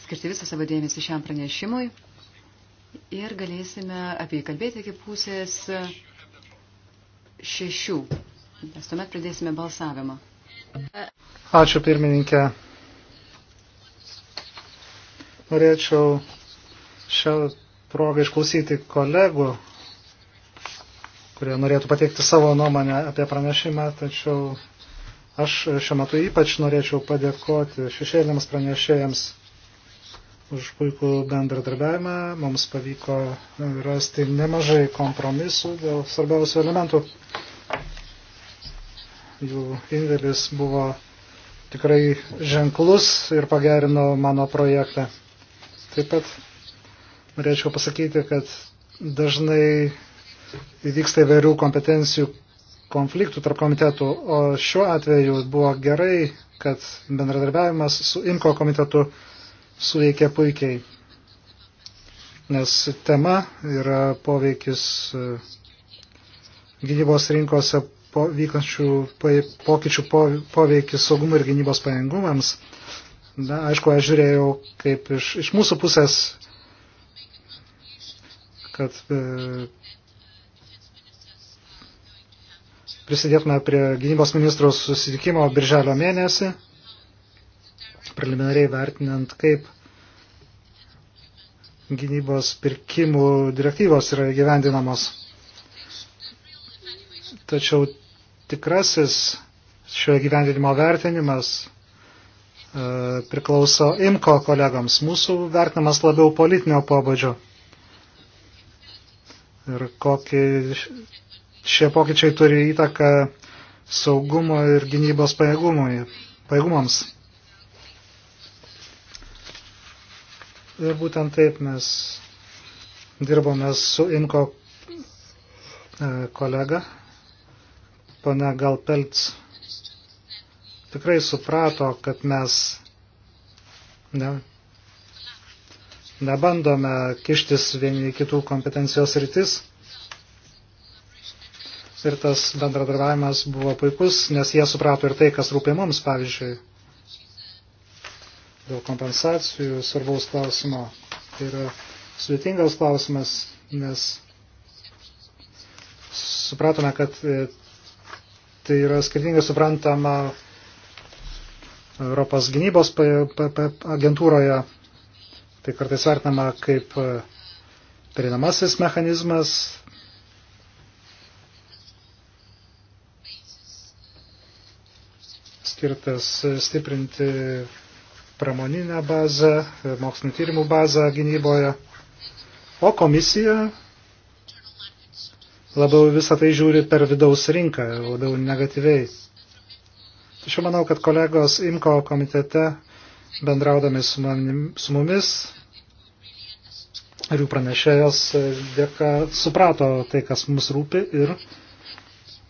skirti visą savo dėmesį šiam pranešimui ir galėsime apie jį kalbėti iki pusės šešių, nes tuomet pradėsime balsavimą. Ačiū pirmininkė. Norėčiau šią progą išklausyti kolegų kurie norėtų pateikti savo nuomonę apie pranešimą, tačiau aš šiuo metu ypač norėčiau padėkoti šešėlėms pranešėjams už puikų bendradarbiavimą. Mums pavyko rasti nemažai kompromisų dėl svarbiausių elementų. Jų indėlis buvo tikrai ženklus ir pagerino mano projektą. Taip pat norėčiau pasakyti, kad dažnai įvyksta įvairių kompetencijų konfliktų tarp komitetų, o šiuo atveju buvo gerai, kad bendradarbiavimas su INKO komitetu suveikė puikiai, nes tema yra poveikis e, gynybos rinkose po, vykančių pokyčių po, poveikis saugumui ir gynybos pajėgumams. Na, aišku, aš žiūrėjau kaip iš, iš mūsų pusės, kad e, prisidėtume prie gynybos ministrų susitikimo birželio mėnesį, preliminariai vertinant, kaip gynybos pirkimų direktyvos yra gyvendinamos. Tačiau tikrasis šio gyvendinimo vertinimas e, priklauso IMCO kolegams. Mūsų vertinimas labiau politinio pobūdžio. Ir kokį Šie pokyčiai turi įtaką saugumo ir gynybos pajėgumui, pajėgumams. Ir būtent taip mes dirbome su Inko e, kolega, pana Galpelts, tikrai suprato, kad mes ne, nebandome kištis vieni kitų kompetencijos rytis ir tas bendradarbiavimas buvo puikus, nes jie suprato ir tai, kas rūpė mums, pavyzdžiui, dėl kompensacijų svarbaus klausimo. Tai yra sudėtingas klausimas, nes supratome, kad e, tai yra skirtingai suprantama Europos gynybos agentūroje. Tai kartais vertinama kaip e, perinamasis mechanizmas, skirtas stiprinti pramoninę bazę, mokslinio tyrimų bazę gynyboje. O komisija labiau visą tai žiūri per vidaus rinką, labiau negatyviai. Tačiau manau, kad kolegos IMKO komitete bendraudami su, manim, su mumis ir jų pranešėjas dėka suprato tai, kas mums rūpi ir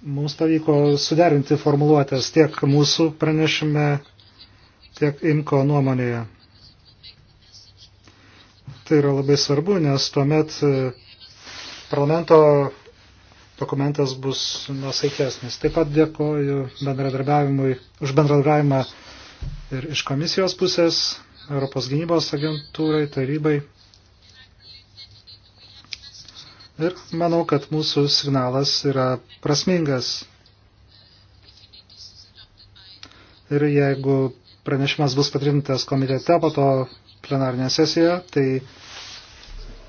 Mums pavyko suderinti formuluotės tiek mūsų pranešime, tiek IMKO nuomonėje. Tai yra labai svarbu, nes tuomet e, parlamento dokumentas bus nusaikesnis. Taip pat dėkoju bendradarbiavimui, už bendradarbiavimą ir iš komisijos pusės, Europos gynybos agentūrai, tarybai. Ir manau, kad mūsų signalas yra prasmingas. Ir jeigu pranešimas bus patrintas komitete, po to plenarinė sesija, tai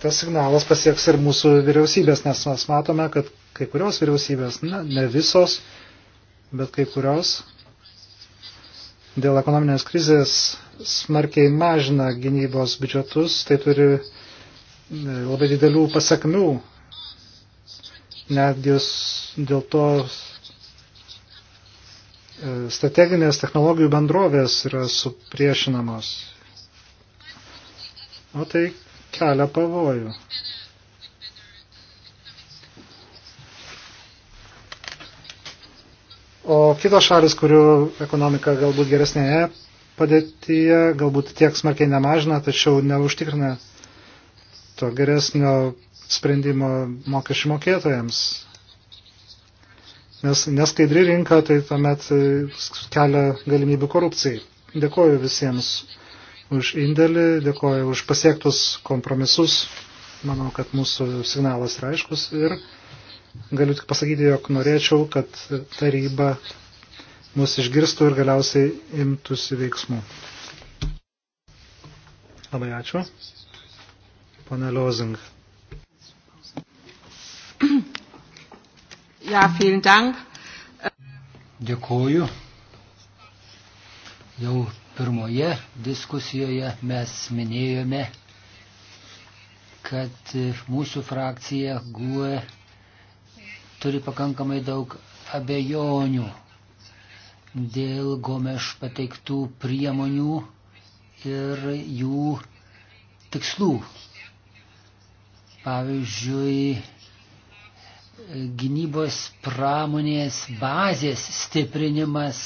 tas signalas pasieks ir mūsų vyriausybės, nes mes matome, kad kai kurios vyriausybės, ne, ne visos, bet kai kurios dėl ekonominės krizės smarkiai mažina gynybos biudžetus, tai turi e, labai didelių pasakmių netgi dėl to e, strateginės technologijų bendrovės yra supriešinamos. O tai kelia pavojų. O kitos šalis, kurių ekonomika galbūt geresnėje padėtyje, galbūt tiek smarkiai nemažina, tačiau neužtikrina to geresnio sprendimo mokesčių mokėtojams. Nes neskaidri rinka tai tuomet e, kelia galimybių korupcijai. Dėkoju visiems už indėlį, dėkoju už pasiektus kompromisus. Manau, kad mūsų signalas yra aiškus ir galiu tik pasakyti, jog norėčiau, kad taryba mus išgirstų ir galiausiai imtųsi veiksmų. Labai ačiū. Pane Lozing. Ja, vielen Dank. Dėkuoju. Jau pirmoje diskusijoje mes minėjome, kad mūsų frakcija GUE turi pakankamai daug abejonių dėl Gomeš pateiktų priemonių ir jų tikslų. Pavyzdžiui, gynybos pramonės bazės stiprinimas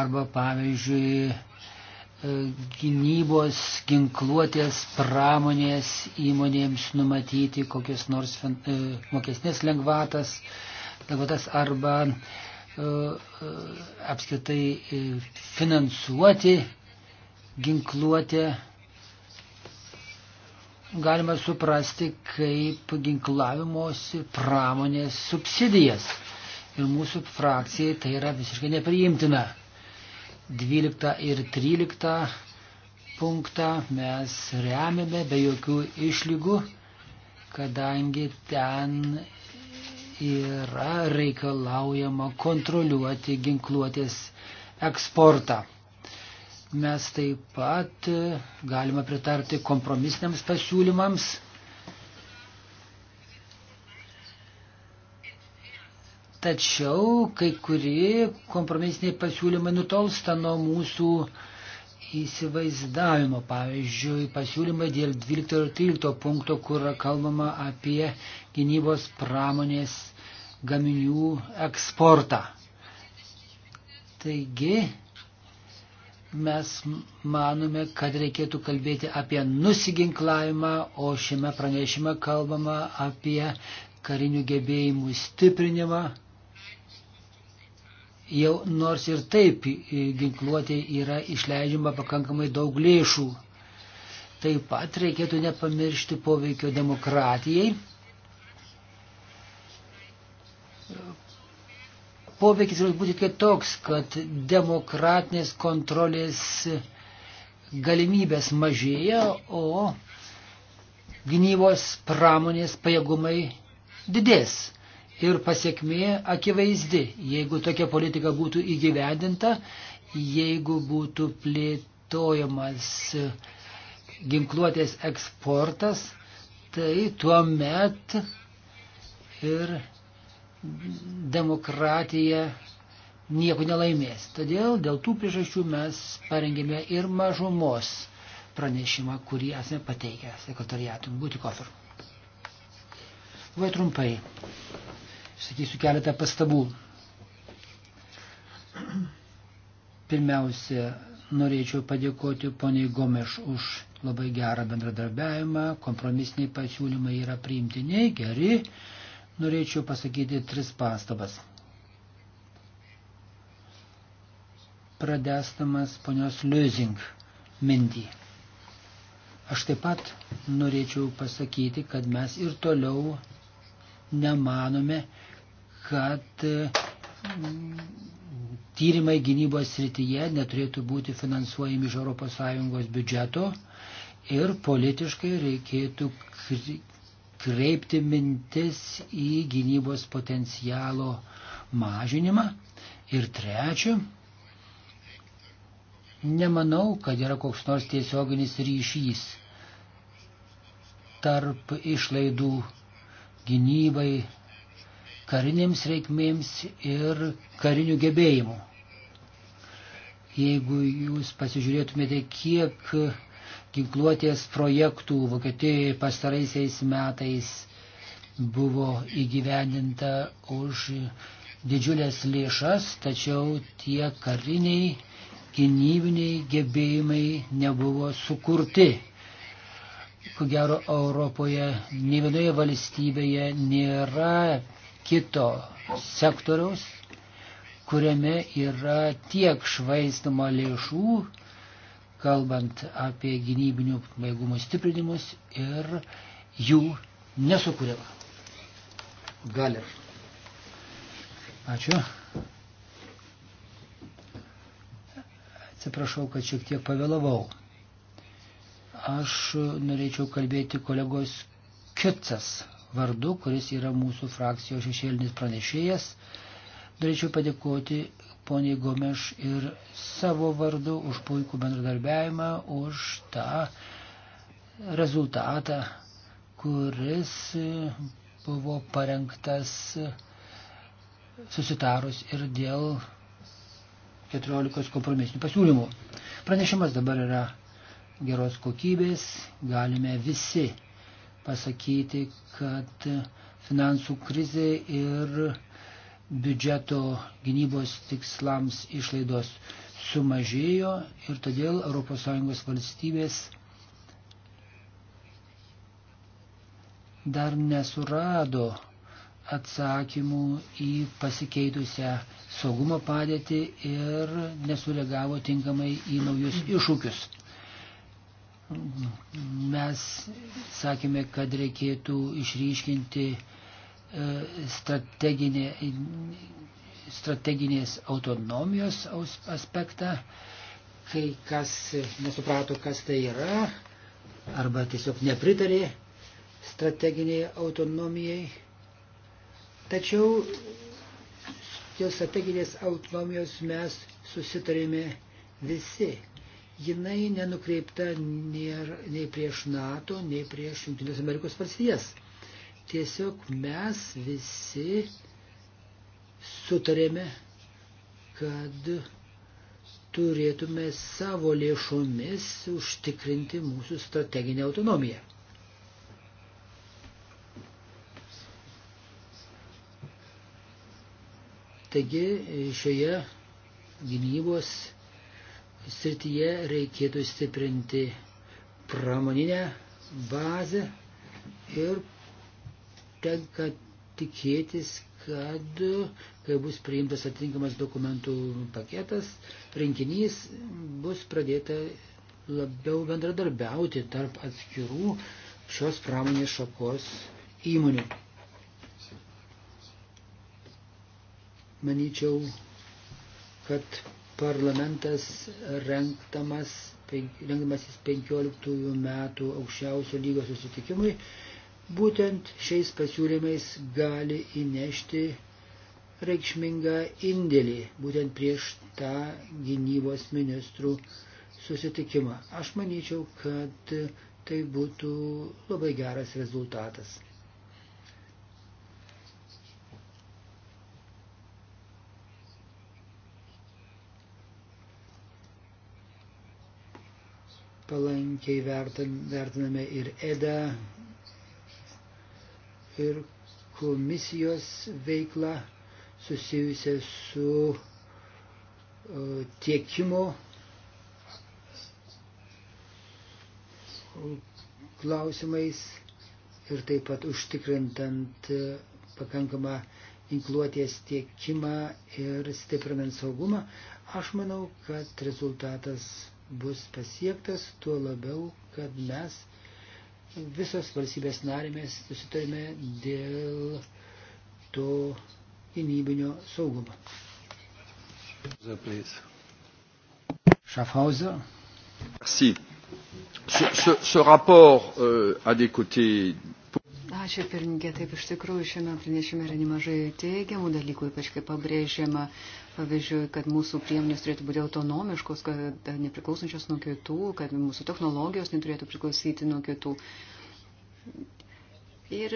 arba, pavyzdžiui, e, gynybos ginkluotės pramonės įmonėms numatyti kokias nors e, mokesnės lengvatas, lengvatas arba e, apskritai finansuoti ginkluotę galima suprasti kaip ginklavimosi pramonės subsidijas. Ir mūsų frakcijai tai yra visiškai nepriimtina. 12 ir 13 punktą mes remiame be jokių išlygų, kadangi ten yra reikalaujama kontroliuoti ginkluotės eksportą. Mes taip pat galime pritarti kompromisiniams pasiūlymams. Tačiau kai kurie kompromisiniai pasiūlymai nutolsta nuo mūsų įsivaizdavimo. Pavyzdžiui, pasiūlymai dėl 12 ir 13 punkto, kur kalbama apie gynybos pramonės gaminių eksportą. Taigi, mes manome, kad reikėtų kalbėti apie nusiginklavimą, o šiame pranešime kalbama apie karinių gebėjimų stiprinimą. Jau nors ir taip ginkluotė yra išleidžiama pakankamai daug lėšų. Taip pat reikėtų nepamiršti poveikio demokratijai poveikis turi būti kitoks, kad demokratinės kontrolės galimybės mažėja, o gynybos pramonės pajėgumai didės. Ir pasiekmė akivaizdi, jeigu tokia politika būtų įgyvendinta, jeigu būtų plėtojamas ginkluotės eksportas, tai tuo met ir demokratija nieko nelaimės. Todėl dėl tų priežasčių mes parengėme ir mažumos pranešimą, kurį esame pateikę sekretariatui būti kofer. Vai trumpai, išsakysiu keletą pastabų. Pirmiausia, norėčiau padėkoti poniai Gomeš už labai gerą bendradarbiavimą, kompromisiniai pasiūlymai yra priimtini, geri Norėčiau pasakyti tris pastabas. Pradestamas ponios Liuzing mintį. Aš taip pat norėčiau pasakyti, kad mes ir toliau nemanome, kad mm, tyrimai gynybos srityje neturėtų būti finansuojami iš ES biudžeto ir politiškai reikėtų kreipti mintis į gynybos potencialo mažinimą. Ir trečia, nemanau, kad yra koks nors tiesioginis ryšys tarp išlaidų gynybai, karinėms reikmėms ir karinių gebėjimų. Jeigu jūs pasižiūrėtumėte, kiek ginkluotės projektų Vokietijoje pastaraisiais metais buvo įgyvendinta už didžiulės lėšas, tačiau tie kariniai gynybiniai gebėjimai nebuvo sukurti. Ko gero, Europoje ne vienoje valstybėje nėra kito sektoriaus, kuriame yra tiek švaistama lėšų, kalbant apie gynybinių pajėgumų stiprinimus ir jų nesukūrimą. Galer. Ačiū. Atsiprašau, kad šiek tiek pavėlavau. Aš norėčiau kalbėti kolegos Kitsas vardu, kuris yra mūsų frakcijos šešėlinis pranešėjas. Norėčiau padėkoti poniai Gomeš ir savo vardu už puikų bendradarbiavimą, už tą rezultatą, kuris buvo parengtas susitarus ir dėl 14 kompromisinių pasiūlymų. Pranešimas dabar yra geros kokybės, galime visi pasakyti, kad finansų krizė ir biudžeto gynybos tikslams išlaidos sumažėjo ir todėl ES valstybės dar nesurado atsakymų į pasikeitusią saugumo padėtį ir nesureagavo tinkamai į naujus iššūkius. Mes sakėme, kad reikėtų išryškinti E, strateginė, strateginės autonomijos aspektą, kai kas nesuprato, kas tai yra, arba tiesiog nepritarė strateginiai autonomijai. Tačiau dėl strateginės autonomijos mes susitarėme visi. Jinai nenukreipta nei prieš NATO, nei prieš Junktinės Amerikos valstijas. Tiesiog mes visi sutarėme, kad turėtume savo lėšomis užtikrinti mūsų strateginę autonomiją. Taigi šioje gynybos srityje reikėtų stiprinti pramoninę bazę ir tenka tikėtis, kad kai bus priimtas atitinkamas dokumentų paketas, rinkinys bus pradėta labiau bendradarbiauti tarp atskirų šios pramonės šakos įmonių. Manyčiau, kad parlamentas rengtamas, rengdamasis 15 metų aukščiausio lygio susitikimui Būtent šiais pasiūlymais gali įnešti reikšmingą indėlį, būtent prieš tą gynybos ministrų susitikimą. Aš manyčiau, kad tai būtų labai geras rezultatas. Palankiai vertiname ir EDA, ir komisijos veiklą susijusią su e, tiekimo klausimais ir taip pat užtikrintant e, pakankamą ginkluotės tiekimą ir stiprinant saugumą, aš manau, kad rezultatas bus pasiektas, tuo labiau, kad mes Visos valstybės narėmės susitarime dėl to gynybinio saugumo. Schaffhauser. Merci. Ce, ce, ce rapport euh, a des côtés Ačiū pirmininkė, taip iš tikrųjų šiame pranešime yra nemažai teigiamų dalykų, ypač kaip pabrėžiama, pavyzdžiui, kad mūsų priemonės turėtų būti autonomiškos, kad e, nepriklausančios nuo kitų, kad mūsų technologijos neturėtų priklausyti nuo kitų. Ir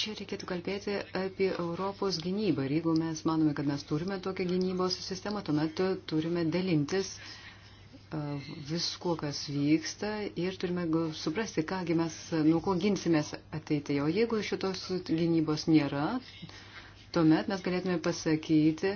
čia reikėtų kalbėti apie Europos gynybą. Ir jeigu mes manome, kad mes turime tokią gynybos sistemą, tuomet turime dalintis uh, viskuo, kas vyksta ir turime suprasti, kągi mes, nuo ko ginsimės ateityje. O jeigu šitos gynybos nėra, tuomet mes galėtume pasakyti,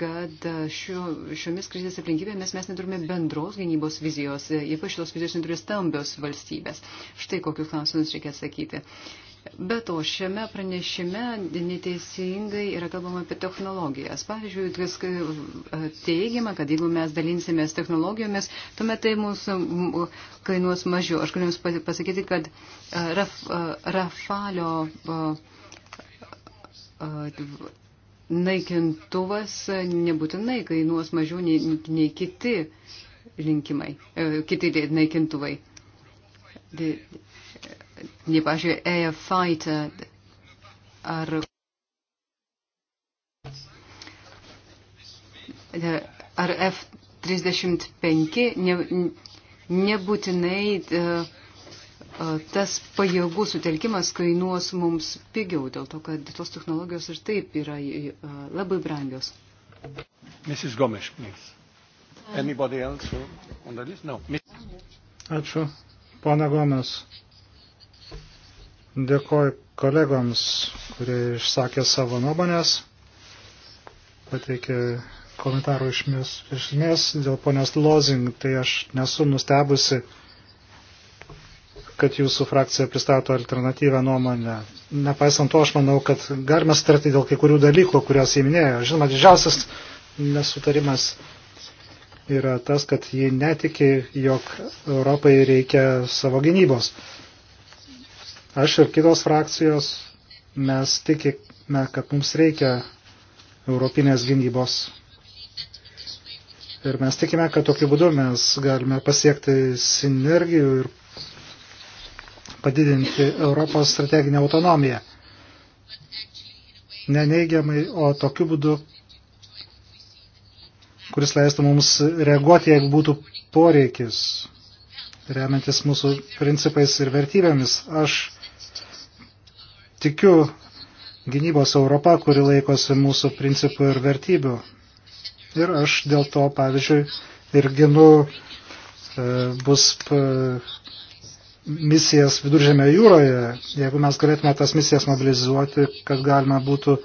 kad e, šio, šiomis krizės aplinkybėmis mes neturime bendros gynybos vizijos, e, ypač šitos vizijos neturi stambios valstybės. Štai kokius klausimus reikia atsakyti. Uh, Be to, šiame pranešime neteisingai yra kalbama apie technologijas. Pavyzdžiui, viskai e, teigiama, kad jeigu mes dalinsimės technologijomis, tuomet tai mūsų kainuos mažiau. Aš galiu Jums pasakyti, kad e, Raf, e, Rafalio naikintuvas nebūtinai kainuos mažiau nei, nei kiti linkimai, kiti naikintuvai ne, pažiūrėjau, Air Fighter ar ar F-35 ne, nebūtinai e, e, tas pajėgų sutelkimas kainuos mums pigiau, dėl to, kad tos technologijos ir taip yra e, labai brangios. Mrs. Gomes, please. Anybody else on the list? No. Ačiū. Pana Gomes. Dėkoju kolegoms, kurie išsakė savo nuomonės, pateikė komentarų iš esmės dėl ponios Lozing, tai aš nesu nustebusi, kad jūsų frakcija pristato alternatyvę nuomonę. Nepaisant to, aš manau, kad galime sutarti dėl kai kurių dalykų, kuriuos įminėjo. Žinoma, didžiausias nesutarimas yra tas, kad ji netiki, jog Europai reikia savo gynybos. Aš ir kitos frakcijos mes tikime, kad mums reikia europinės gynybos. Ir mes tikime, kad tokiu būdu mes galime pasiekti sinergijų ir padidinti Europos strateginę autonomiją. Neneigiamai, o tokiu būdu, kuris leistų mums reaguoti, jeigu būtų poreikis, remiantis mūsų principais ir vertybėmis. Aš tikiu gynybos Europą, kuri laikosi mūsų principų ir vertybių. Ir aš dėl to, pavyzdžiui, ir ginu e, bus misijas viduržėme jūroje, jeigu mes galėtume tas misijas mobilizuoti, kad galima būtų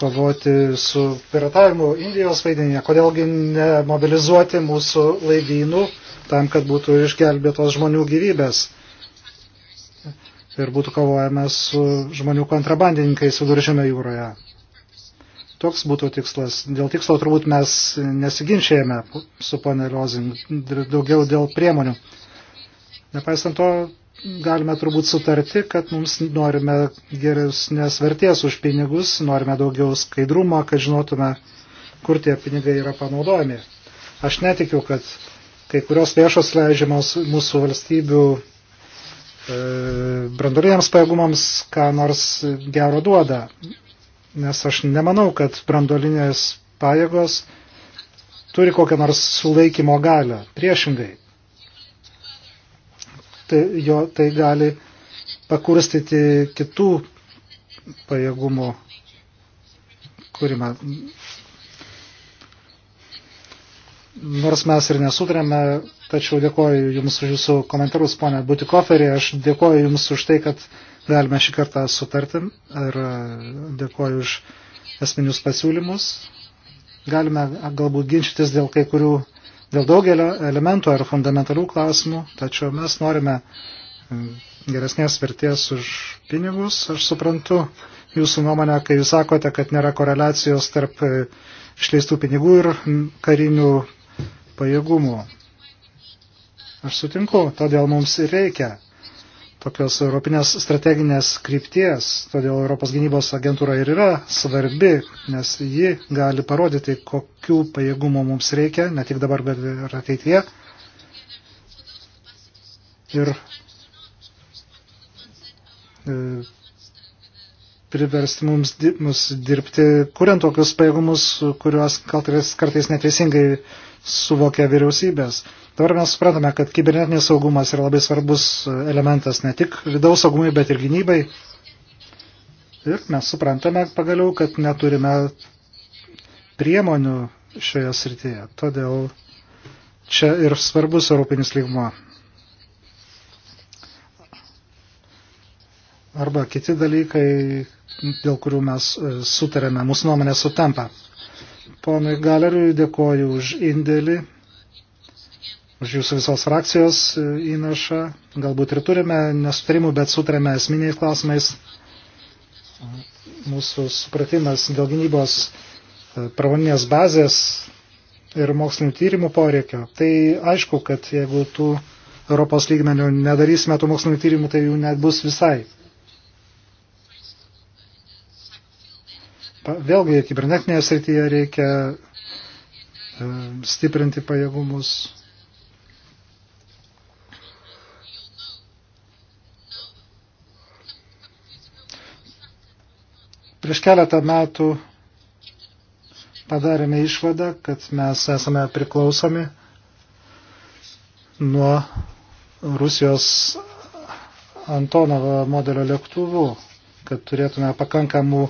kovoti su piratavimu Indijos vaidinėje. Kodėlgi nemobilizuoti mūsų laivynų tam, kad būtų išgelbėtos žmonių gyvybės ir būtų kovojama su žmonių kontrabandininkais viduržėme jūroje. Toks būtų tikslas. Dėl tikslo turbūt mes nesiginčiajame su ponė Rozin, daugiau dėl priemonių. Nepaisant to, galime turbūt sutarti, kad mums norime geresnės vertės už pinigus, norime daugiau skaidrumo, kad žinotume, kur tie pinigai yra panaudojami. Aš netikiu, kad kai kurios lėšos leidžiamos mūsų valstybių E, branduliniams pajėgumams ką nors gero duoda, nes aš nemanau, kad branduolinės pajėgos turi kokią nors sulaikymo galę. Priešingai, tai, jo tai gali pakurstyti kitų pajėgumų kūrimą. Nors mes ir nesutarėme Tačiau dėkoju Jums už Jūsų komentarus, ponė Butikoferį. Aš dėkoju Jums už tai, kad galime šį kartą sutarti ir e, dėkoju už esminius pasiūlymus. Galime galbūt ginčytis dėl kai kurių, dėl daugelio elementų ar fundamentalių klausimų, tačiau mes norime e, geresnės vertės už pinigus. Aš suprantu Jūsų nuomonę, kai Jūs sakote, kad nėra koreliacijos tarp e, išleistų pinigų ir karinių pajėgumų. Aš sutinku, todėl mums reikia tokios europinės strateginės krypties, todėl Europos gynybos agentūra ir yra svarbi, nes ji gali parodyti, kokių pajėgumų mums reikia, ne tik dabar, bet ir ateityje. Ir e, priversti mums, mums dirbti, kuriant tokius pajėgumus, kuriuos kartais neteisingai suvokia vyriausybės. Dabar mes suprantame, kad kibernetinis saugumas yra labai svarbus elementas ne tik vidaus saugumui, bet ir gynybai. Ir mes suprantame pagaliau, kad neturime priemonių šioje srityje. Todėl čia ir svarbus europinis lygmo. Arba kiti dalykai, dėl kurių mes e, sutarėme, mūsų nuomonė sutampa. Ponui Galeriui dėkoju už indėlį, už jūsų visos frakcijos įnašą. Galbūt ir turime nesutarimų, bet sutarėme esminiais klausimais. Mūsų supratimas dėl gynybos e, pravoninės bazės ir mokslinių tyrimų poreikio. Tai aišku, kad jeigu tų Europos lygmenių nedarysime tų mokslinių tyrimų, tai jų net bus visai. Vėlgi, kibernetinėje srityje reikia e, stiprinti pajėgumus. Prieš keletą metų padarėme išvadą, kad mes esame priklausomi nuo Rusijos Antonovo modelio lėktuvų, kad turėtume pakankamų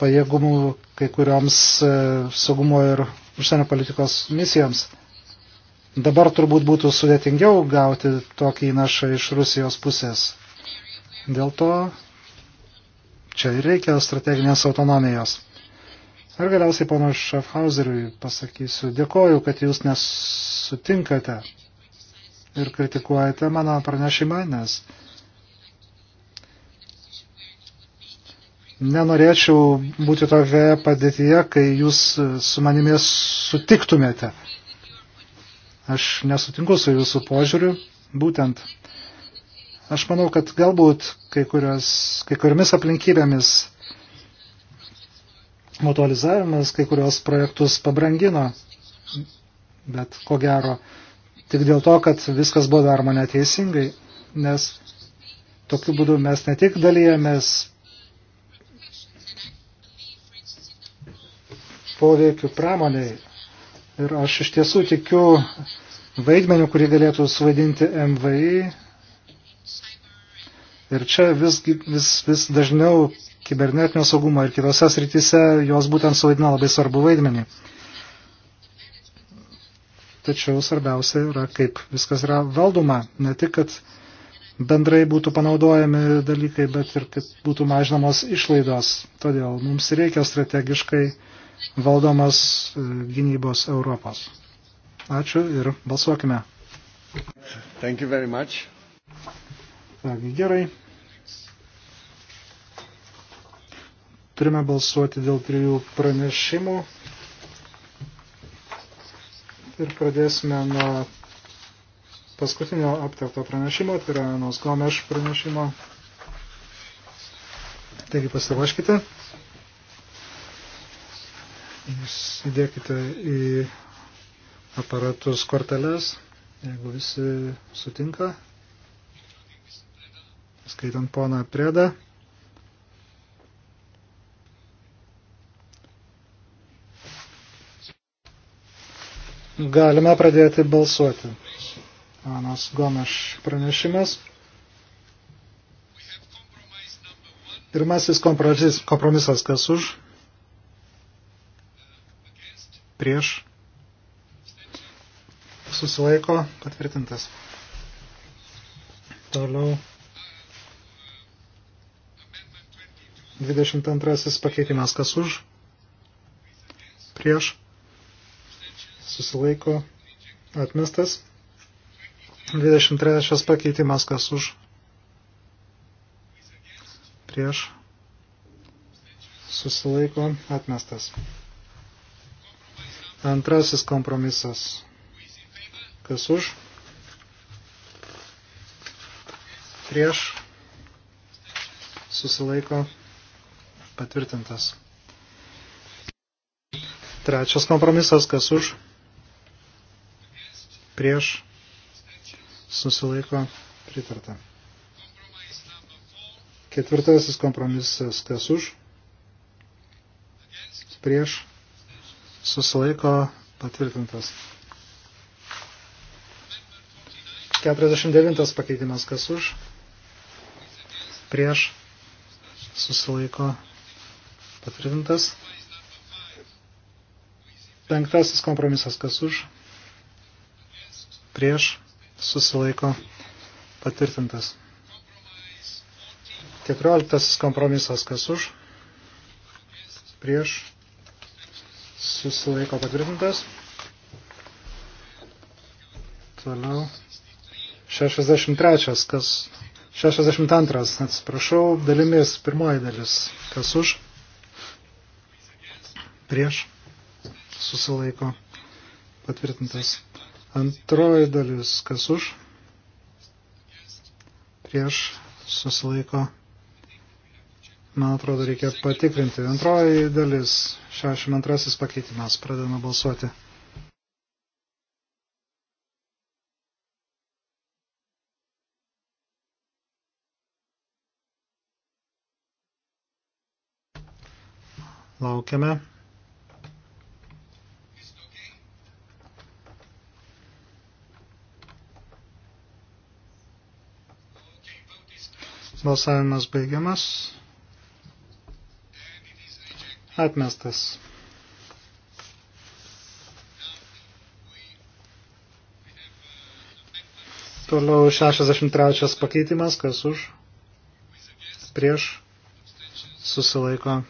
pajėgumų kai kurioms e, saugumo ir užsienio politikos misijoms. Dabar turbūt būtų sudėtingiau gauti tokį įnašą iš Rusijos pusės. Dėl to čia ir reikia strateginės autonomijos. Ir galiausiai pono Schaffhauseriui pasakysiu, dėkoju, kad jūs nesutinkate ir kritikuojate mano pranešimą, nes nenorėčiau būti tokioje padėtyje, kai jūs su manimės sutiktumėte. Aš nesutinku su jūsų požiūriu, būtent. Aš manau, kad galbūt kai, kurios, kai kuriomis aplinkybėmis mutualizavimas kai kurios projektus pabrangino, bet ko gero tik dėl to, kad viskas buvo daroma neteisingai, nes tokiu būdu mes ne tik dalyjamės poveikiu pramoniai. Ir aš iš tiesų tikiu vaidmeniu, kurį galėtų suvaidinti MVI. Ir čia vis, vis, vis dažniau kibernetinio saugumo ir kitose srityse jos būtent suvaidina labai svarbu vaidmenį. Tačiau svarbiausia yra, kaip viskas yra valdoma. Ne tik, kad bendrai būtų panaudojami dalykai, bet ir kad būtų mažinamos išlaidos. Todėl mums reikia strategiškai uh, valdomas e, gynybos Europos. Ačiū ir balsuokime. Thank you very much. Kągi gerai. Turime balsuoti dėl trijų pranešimų. Ir pradėsime nuo paskutinio aptarto pranešimo, tai yra Nos Gomeš pranešimo. Taigi pasiruoškite. Jūs įdėkite į aparatus korteles, jeigu visi sutinka. Skaitant poną Predą. Galime pradėti balsuoti. Anas Gomeš pranešimas. Pirmasis kompromisas, kas už? prieš susilaiko patvirtintas. Toliau 22 pakeitimas kas už prieš susilaiko atmestas. 23 pakeitimas kas už prieš susilaiko atmestas. Antrasis kompromisas. Kas už? Prieš. Susilaiko. Patvirtintas. Trečias kompromisas. Kas už? Prieš. Susilaiko. Pritarta. Ketvirtasis kompromisas. Kas už? Prieš susilaiko patvirtintas. 49 pakeitimas kas už, prieš susilaiko patvirtintas. Penktasis kompromisas kas už, prieš susilaiko patvirtintas. Keturioliktasis kompromisas kas už, prieš susilaiko patvirtintas. Toliau. 63, kas 62, atsiprašau, dalimis, pirmoji dalis, kas už, prieš, susilaiko patvirtintas. Antroji dalis, kas už, prieš, susilaiko patvirtintas man atrodo, reikia patikrinti. Antroji dalis, 62 pakeitimas, pradedame balsuoti. Laukiame. Balsavimas baigiamas. Atmestas. Toliau 63 pakeitimas, kas už, prieš, susilaiko,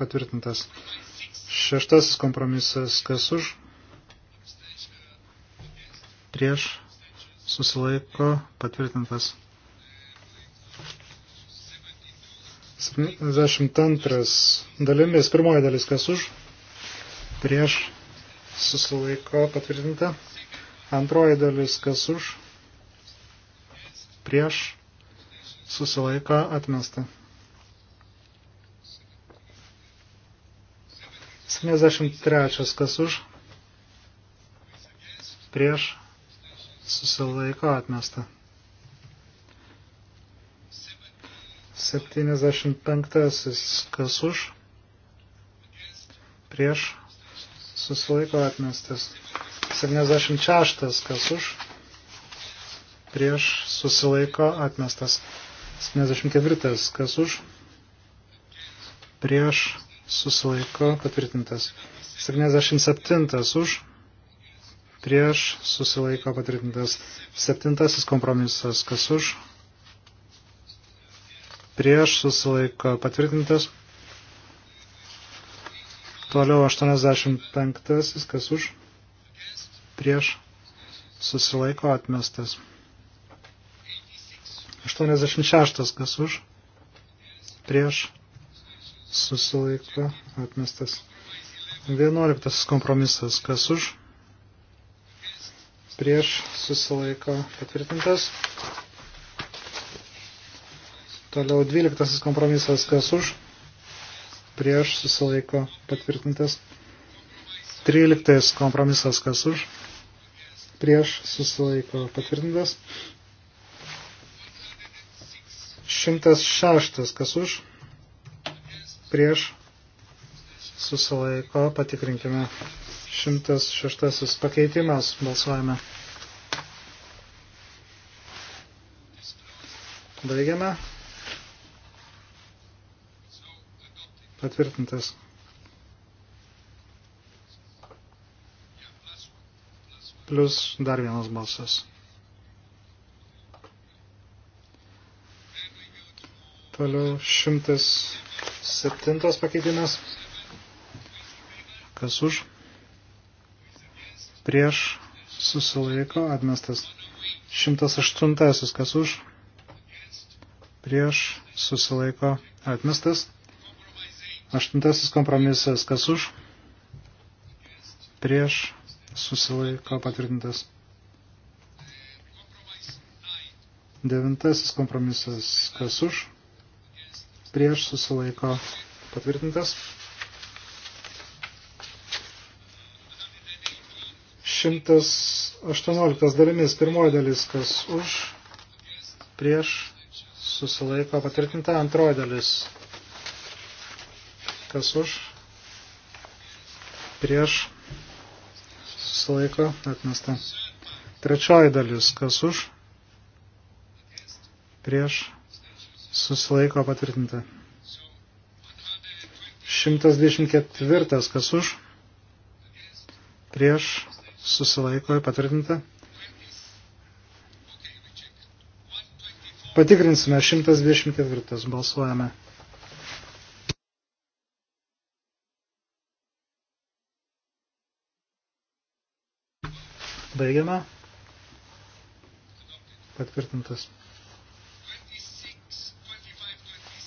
patvirtintas. Šeštasis kompromisas, kas už, prieš, susilaiko, patvirtintas. 82 dalimis. Pirmoji dalis kas už, prieš susilaiko patvirtinta. Antroji dalis kas už, prieš susilaiko atmesta. 73 kas už, prieš susilaiko atmesta. 75. Kas už? Prieš. Susilaiko atmestas. 76. Kas už? Prieš. Susilaiko atmestas. 74. Kas už? Prieš. Susilaiko patvirtintas. 77. Už prieš susilaiko patvirtintas septintasis kompromisas, kas už, prieš susilaiko patvirtintas. Toliau 85, kas už, prieš susilaiko atmestas. 86, kas už, prieš susilaiko atmestas. 11 kompromisas, kas už, prieš susilaiko patvirtintas. Toliau 12 kompromisas, kas už, prieš susilaiko patvirtintas. 13 kompromisas, kas už, prieš susilaiko patvirtintas. 106 kas už, prieš susilaiko patikrinkime. 106 pakeitimas balsuojame. Baigiame. Patvirtintas. Plius dar vienas balsas. Toliau 107 pakeitimas. Kas už? Prieš susilaiko atmestas. 108 kas už? Prieš susilaiko atmestas. Aštuntasis kompromisas, kas už, prieš, susilaiko patvirtintas. Devintasis kompromisas, kas už, prieš, susilaiko patvirtintas. Šimtas aštuonioliktas dalimis, pirmoji dalis, kas už, prieš, susilaiko patvirtinta, antroji dalis, Kas už? Prieš. Susilaiko. Atmesta. Trečioji dalis. Kas už? Prieš. Susilaiko patvirtinta. 124. Kas už? Prieš. Susilaiko patvirtinta. Patikrinsime 124. Balsuojame. Baigiame. Patvirtintas.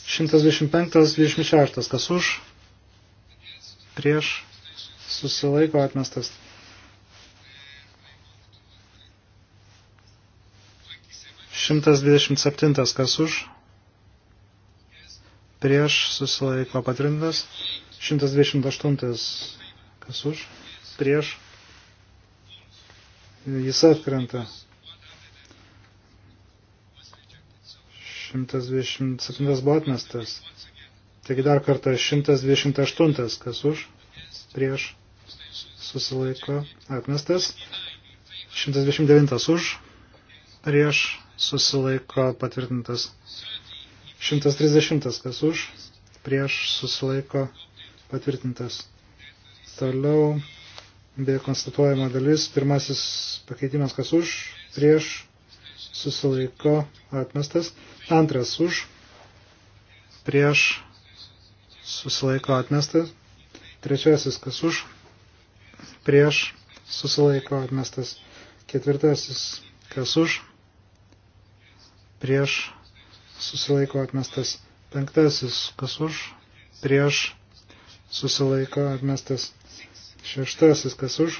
125-26. Kas už? Prieš. Susilaiko atmestas. 127. Kas už? Prieš. Susilaiko patrintas. 128. Kas už? Prieš jis atkrenta. 127 buvo atmestas. Taigi dar kartą 128, kas už, prieš, susilaiko, atmestas. 129 už, prieš, susilaiko, patvirtintas. 130 kas už, prieš, susilaiko, patvirtintas. Toliau bei konstatuojama dalis. Pirmasis pakeitimas, kas už, prieš, susilaiko, atmestas. Antras už, prieš, susilaiko, atmestas. Trečiasis, kas už, prieš, susilaiko, atmestas. Ketvirtasis, kas už, prieš, susilaiko, atmestas. Penktasis, kas už, prieš, susilaiko, atmestas. Šeštasis, kas už,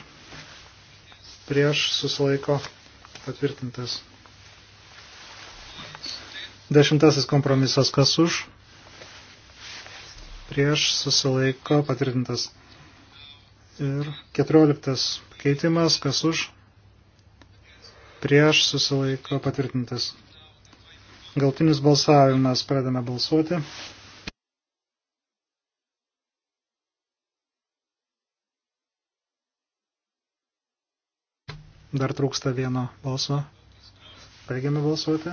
prieš susilaiko patvirtintas. Dešimtasis kompromisas, kas už, prieš susilaiko patvirtintas. Ir keturioliktas keitimas, kas už, prieš susilaiko patvirtintas. Galtinis balsavimas, pradame balsuoti. Dar trūksta vieno balso. Baigiame balsuoti.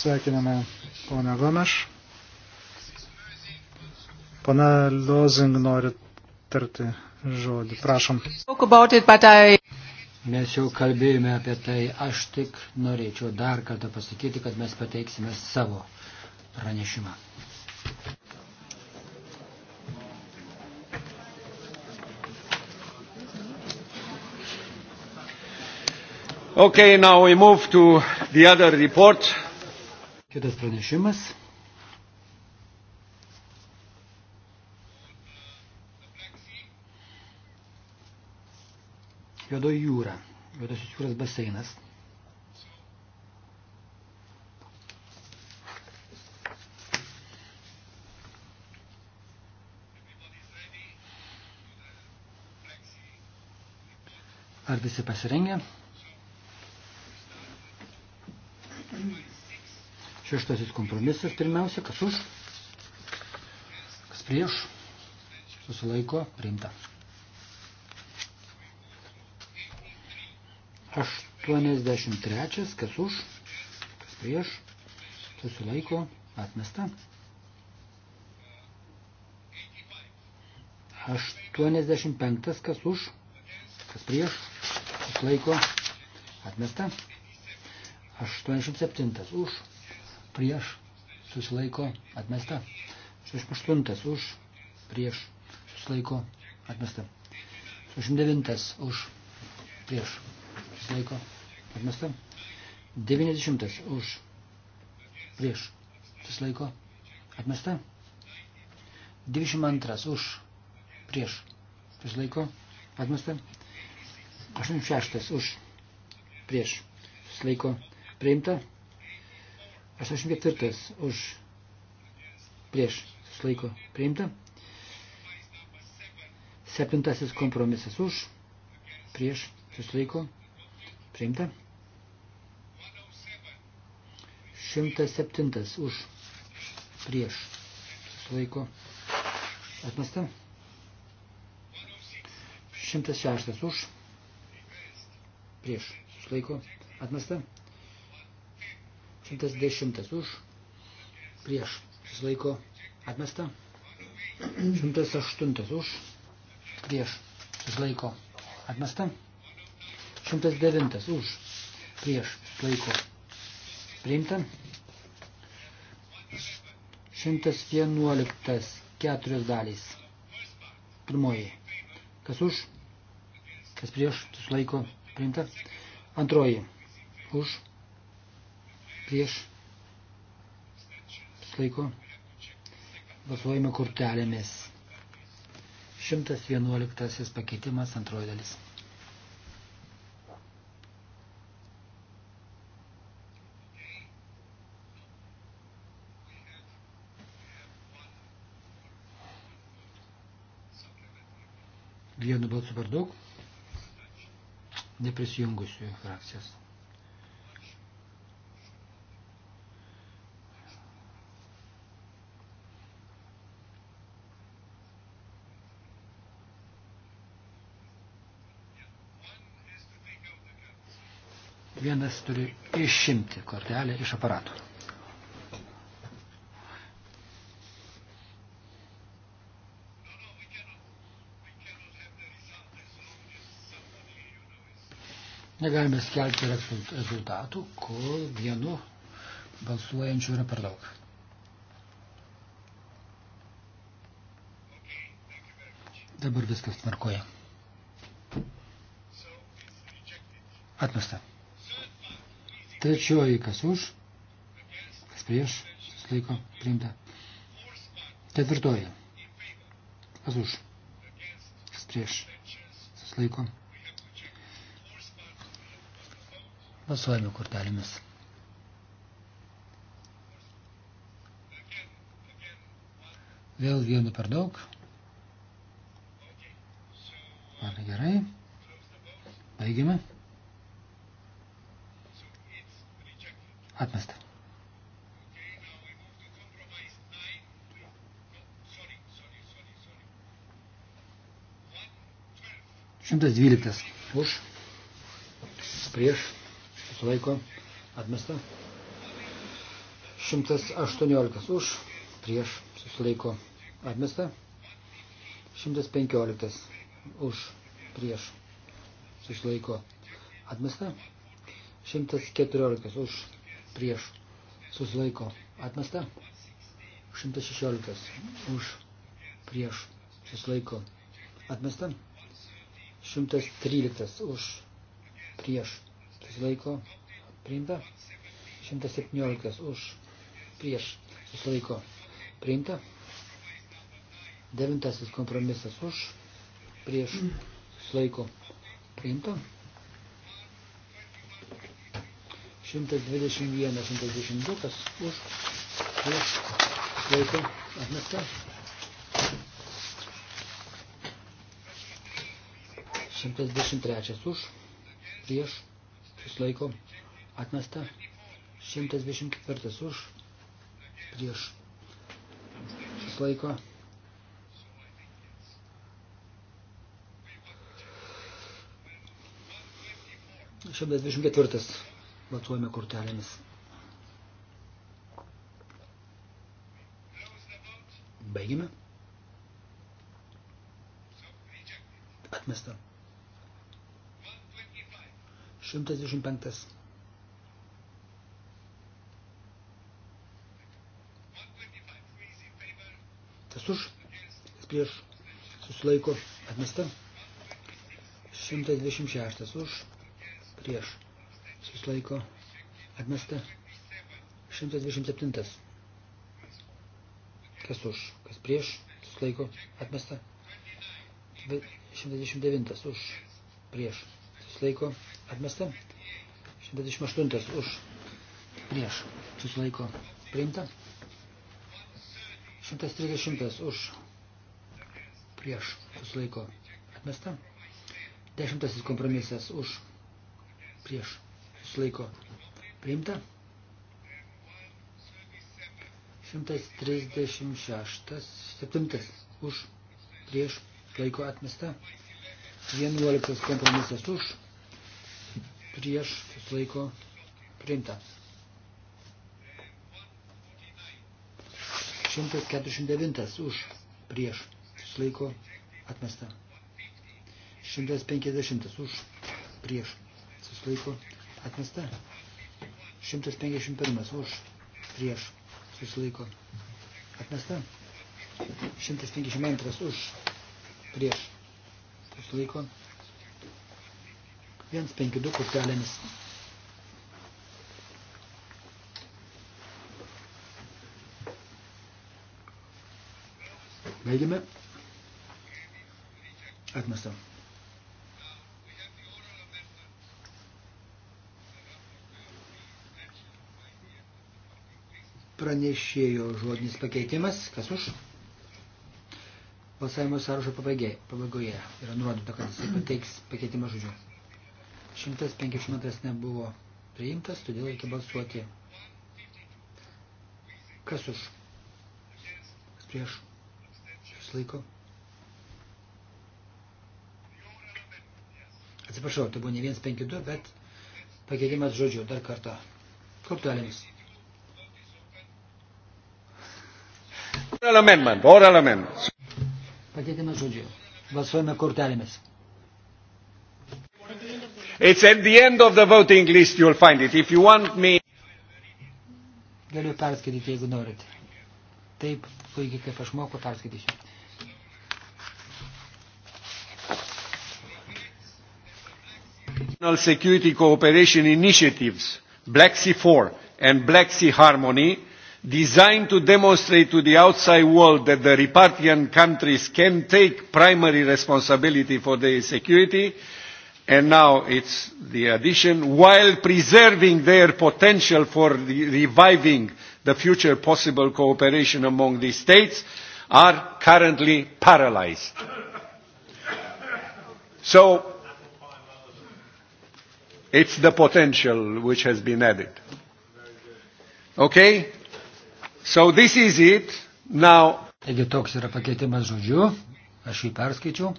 Sveikiname ponę Gomeš. Pana Lozing nori tarti žodį. Prašom. Mes jau kalbėjome apie tai. Aš tik norėčiau dar kartą pasakyti, kad mes pateiksime savo pranešimą. Okay, now we move to the other report. Kitas pranešimas. Juodo jūra, Juodosios jūros baseinas. Ar visi pasirengę? Šeštasis kompromisas pirmiausia, kas už, kas prieš, susilaiko, priimta. 83, kas už, kas prieš, susilaiko, atmesta. 85, kas už, kas prieš, susilaiko, atmesta. 87, už, prieš, susilaiko, atmesta. 68 už, prieš, susilaiko, atmesta. 69 už, prieš, susilaiko, atmesta. 90 už, prieš, susilaiko, atmesta. 22 už, prieš, susilaiko, atmesta. 86 už, prieš, susilaiko, priimta. 84 už prieš susilaiko priimta. Septintasis kompromisas už prieš susilaiko priimta. 107 už prieš susilaiko atmesta. 106 už prieš susilaiko atmesta. 110 už, prieš, susilaiko, atmesta. 108 už, prieš, susilaiko, atmesta. 109 už, prieš, susilaiko, priimta. 111 keturios dalys. Pirmoji, kas už, kas prieš, susilaiko, priimta. Antroji, už, prieš laiko balsuojame kortelėmis. 111 pakeitimas antroji dalis. Vienu balsu per daug neprisijungusių frakcijos. pirmininkas turi išimti kortelę iš aparato. Negalime skelbti rezultatų, kol vienu balsuojančių yra per daug. Dabar viskas tvarkoja. Atmesta. Trečioji, kas už, kas prieš, susilaiko priimta. Ketvirtoji, kas už, kas prieš, susilaiko. Pasuojame kortelėmis. Vėl vienu per daug. Ar gerai? Baigiame. Atmesta. Šimtas dvyliktas. Už. Prieš. Susilaiko. Atmesta. Šimtas aštuonioliktas. Už. Prieš. Susilaiko. Atmesta. Šimtas penkioliktas. Už. Prieš. Susilaiko. Atmesta. 114 už prieš susilaiko atmesta, 116 už prieš susilaiko atmesta, 113 už prieš susilaiko priimta, 117 už prieš susilaiko priimta, 9 kompromisas už prieš susilaiko priimta. 121, 122, kas už, prieš, laiko, atmesta. Šimtas dešimt trečias už, prieš, susilaiko, atmesta. Šimtas dešimt ketvirtas už, prieš, susilaiko. Šimtas dešimt ketvirtas Balsuojame kortelėmis. Baigime. Atmesta. 125. Kas už? Kas prieš? Susilaiko. Atmesta. 126 už. Prieš susilaiko atmesta 127. Kas už, kas prieš, susilaiko atmesta 129. Už, prieš, susilaiko atmesta 128. Už, prieš, susilaiko priimta 130. Už, prieš, susilaiko atmesta 10. kompromisas už, prieš, Susilaiko. Priimta. 136. 7. Už. Prieš. Laiko atmesta. 11 kompromisas už. Prieš. Susilaiko. Priimta. 149 už prieš laiko atmesta. 150 už prieš susilaiko Atmesta. 151 už. Prieš. Susilaiko. Atmesta. 152 už. Prieš. Susilaiko. 152 kortelėmis. Baigime. Atmestam. pranešėjo žodinis pakeitimas. Kas už? Balsavimo sąrašo pabaigė, pabaigoje yra nurodyta, kad jis pateiks pakeitimą žodžiu. 152 nebuvo priimtas, todėl reikia balsuoti. Kas už? Kas prieš? Jūs laiko? Atsiprašau, tai buvo ne 152, bet pakeitimas žodžiu dar kartą. Kortelėmis. Oral amendment, oral amendment. Pakeitimas žodžiu. Balsuojame kortelėmis. It's at the end of the voting list you'll find it. If you want me... Galiu perskaityti, jeigu norit. Taip, puikiai kaip aš moku, perskaitysiu. National Security Cooperation Initiatives, Black Sea 4 and Black Sea Harmony designed to demonstrate to the outside world that the repartian countries can take primary responsibility for their security, and now it's the addition, while preserving their potential for the reviving the future possible cooperation among these states, are currently paralyzed. So it's the potential which has been added. Okay? So this is it. Now. Taigi toks yra pakeitimas žodžiu. Aš jį perskaičiau.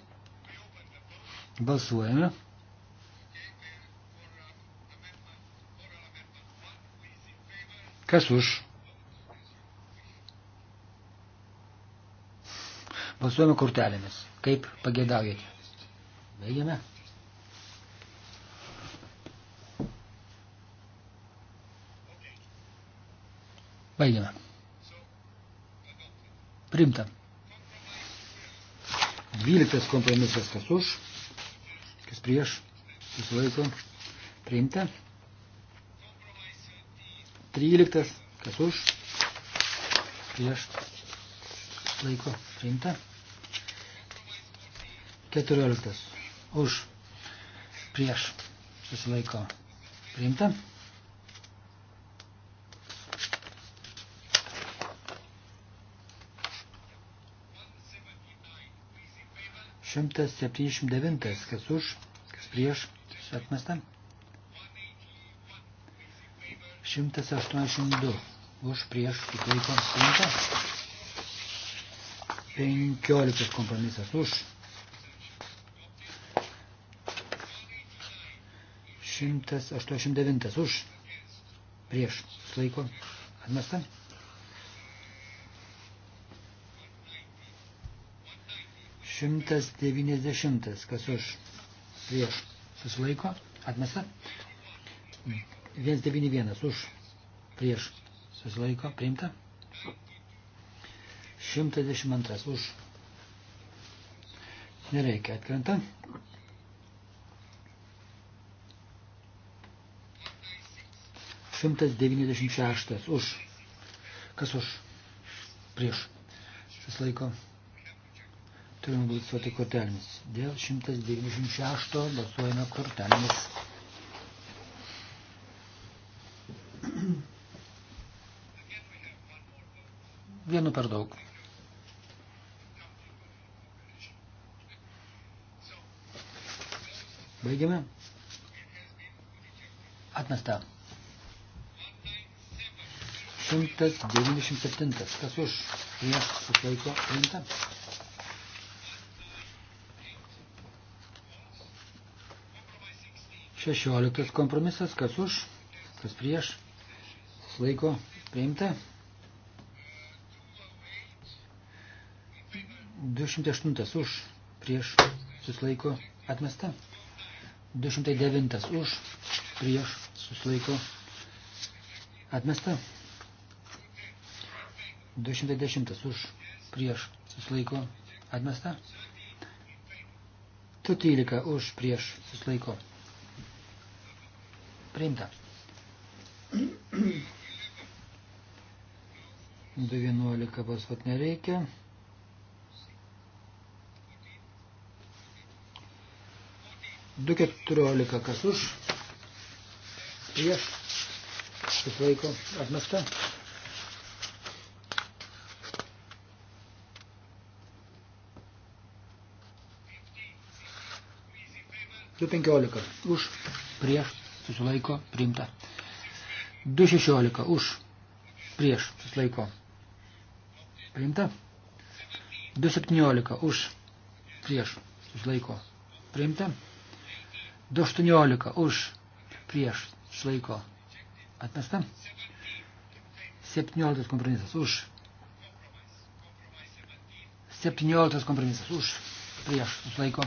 Balsuojame. Kas už? Balsuojame kortelėmis. Kaip pagėdaujate? Baigiame. Baigiame. Primta. Dvyliktas kompromisas, kas už, kas prieš, kas laiko. Priimta. Tryliktas, kas už, prieš, laiko. Priimta. Keturioliktas, už, prieš, susilaiko. Priimta. 179, kas už, kas prieš, atmesta. 182, už prieš, laikom priimta. 15 kompromisas už. 189 už, prieš, laiko, atmesta. 190, kas už prieš susilaiko, atmesta. 191 už prieš susilaiko, priimta. 112 už nereikia atkrenta. Šimtas devyniasdešimt šeštas už. Kas už? Prieš. Šis laiko Turime balsuoti kortelėmis. Dėl 196 balsuojame kortelėmis. Vienu per daug. Baigiame. Atmesta. 197. Kas už? Prieš susilaiko rimta. 16 kompromisas, kas už, kas prieš, laiko priimta. 208 už, prieš, susilaiko atmesta. 209 už, prieš, susilaiko atmesta. 210 už, prieš, susilaiko atmesta. 113 už, prieš, susilaiko atmesta. Priimta. 11 balsuot nereikia. Du keturiolika kas už, prieš, kaip laiko, atmesta. Du penkiolika už, prieš, susilaiko priimta. 2.16 už prieš susilaiko priimta. 2.17 už prieš susilaiko priimta. 2.18 už prieš susilaiko atmesta. 17 kompromisas už. 17 kompromisas už prieš susilaiko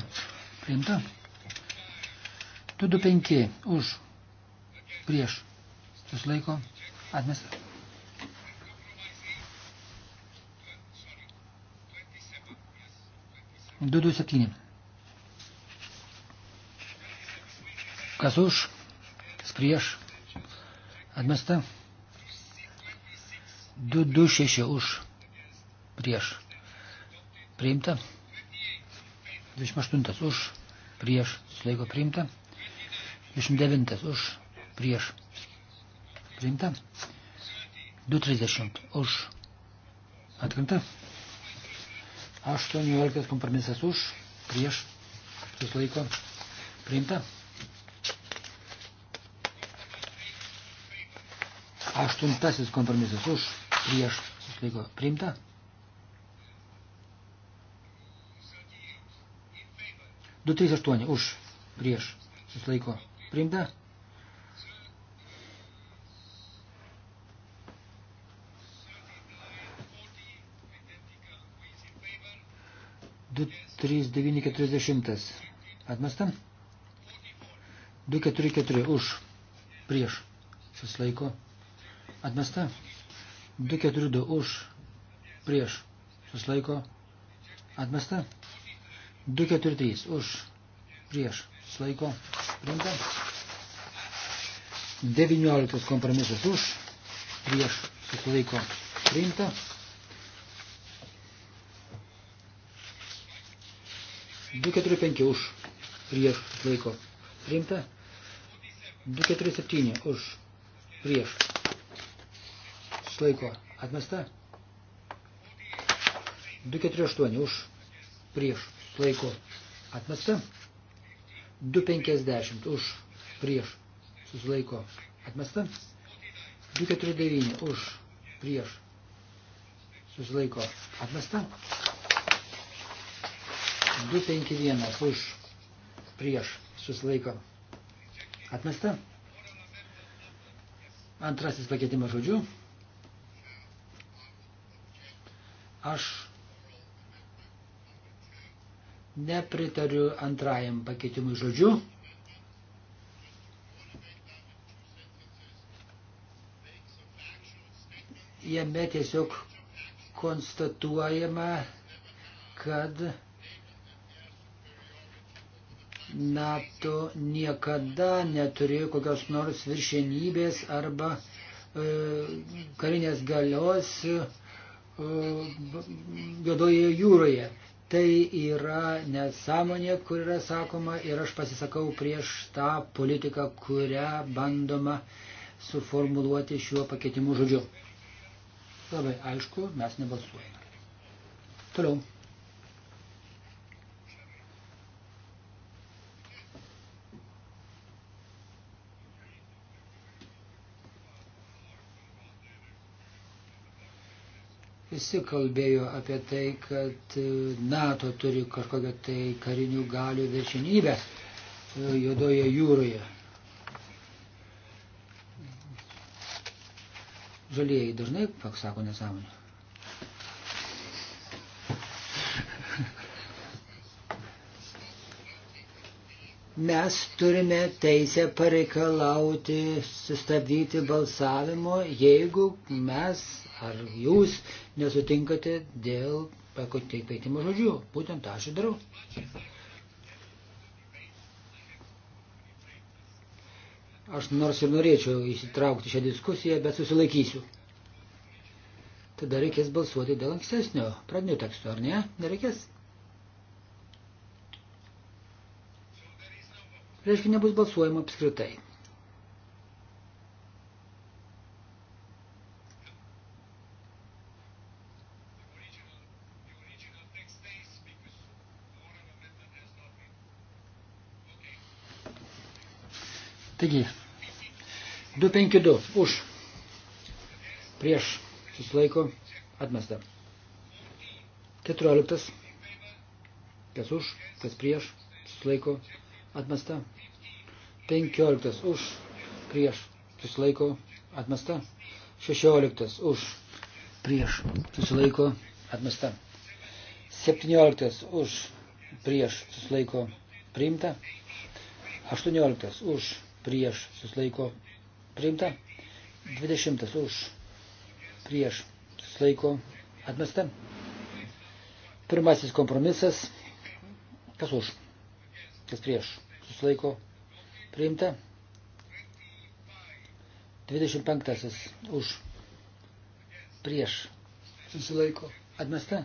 priimta. 2.25 už prieš susilaiko atmesta. Du du septyni. Kas už, kas prieš atmesta. Du du šeši už prieš priimta. 28 už prieš susilaiko priimta. 29 už prieš priimta. 2.30 už atkrinta. 18 kompromisas už prieš susilaiko priimta. 8 kompromisas už prieš susilaiko priimta. 238 už prieš susilaiko priimta. 3940. Atmesta? 244 už. Prieš. Susilaiko. Atmesta? 242 už. Prieš. Susilaiko. Atmesta? 243 už. Prieš. Susilaiko. Priimta. 19 kompromisas už. Prieš. Susilaiko. Priimta. 245 už prieš laiko priimta. 247 už prieš laiko atmesta. 248 už prieš laiko atmesta. 250 už prieš susilaiko atmesta. 249 už prieš susilaiko atmesta. 251 už prieš susilaiko atmesta. Antrasis pakeitimas žodžių. Aš nepritariu antrajam pakeitimui žodžių. Jame tiesiog konstatuojama, kad NATO niekada neturėjo kokios nors viršienybės arba e, karinės galios e, juodoje jūroje. Tai yra nesąmonė, kur yra sakoma ir aš pasisakau prieš tą politiką, kurią bandoma suformuluoti šiuo pakeitimu žodžiu. Labai aišku, mes nebalsuojame. Toliau. Visi kalbėjo apie tai, kad e, NATO turi kažkokią tai karinių galių viršinybę e, Jodoje jūroje. Žalieji dažnai sako nesąmonę. mes turime teisę pareikalauti sustabdyti balsavimo, jeigu mes Ar jūs nesutinkate dėl pakeitimo žodžių? Būtent tą aš ir darau. Aš nors ir norėčiau įsitraukti šią diskusiją, bet susilaikysiu. Tada reikės balsuoti dėl ankstesnio pradinio teksto, ar ne? Nereikės. Reiškia, nebus balsuojama apskritai. Taigi, 252 už prieš susilaiko atmesta. 14. Kas už, kas prieš susilaiko atmesta. 15 už prieš susilaiko atmesta. 16 už prieš susilaiko atmesta. 17 už prieš susilaiko priimta. 18 už prieš susilaiko priimta, 20 už prieš susilaiko atmesta. Pirmasis kompromisas, kas už, kas prieš susilaiko priimta. 25 už prieš susilaiko atmesta.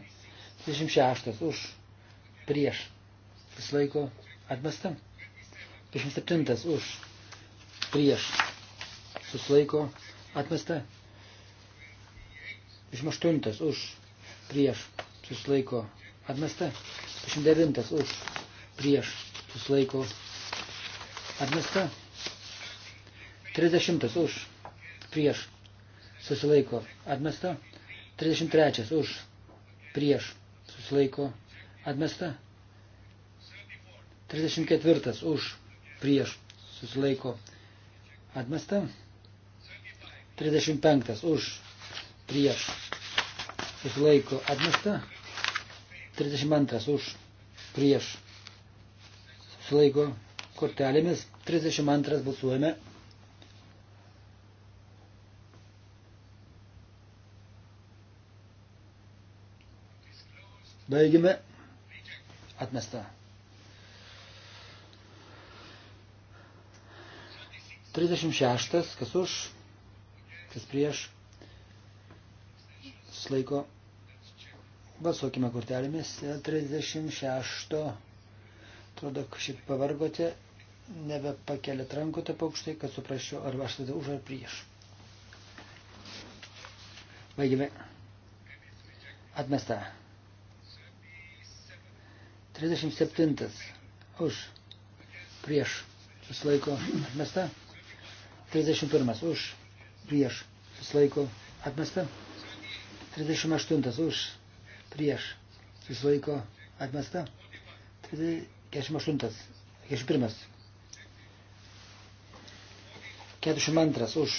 26 už prieš susilaiko atmesta. 27 už prieš susilaiko atmesta. 28 už prieš susilaiko atmesta. 29 už prieš susilaiko atmesta. 30 už prieš susilaiko atmesta. 33 už prieš susilaiko atmesta. 34 už prieš susilaiko Atmesta. 35 už prieš susilaiko atmesta. 32 už prieš susilaiko kortelėmis. 32 balsuojame. Baigime. Atmesta. 36, kas už, kas prieš, slaiko. Balsuokime kortelėmis. 36, atrodo, šiaip pavargote, nebepakeliat rankų taip aukštai, kad suprasčiau, ar aš tada už ar prieš. Baigime. Atmesta. 37. Už. Prieš. Susilaiko. Atmesta. 31 už, prieš, susilaiko, atmesta. 38 už, prieš, susilaiko, atmesta. 48, 41. 42 už,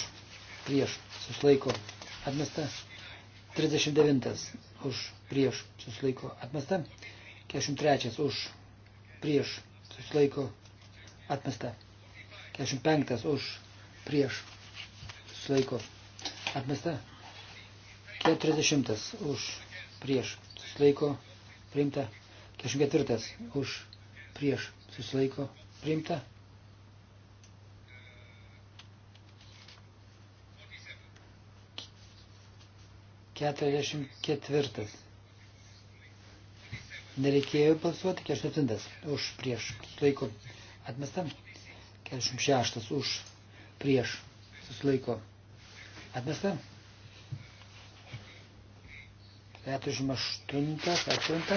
prieš, susilaiko, atmesta. 39 už, prieš, susilaiko, atmesta. 43 už, prieš, susilaiko, atmesta. 45 už, prieš susilaiko atmesta. 40 už prieš susilaiko priimta. 44 už prieš susilaiko priimta. 44. Nereikėjo balsuoti 47 už prieš laiko atmestam, 46 už prieš susilaiko atmesta. 48 atkrenta.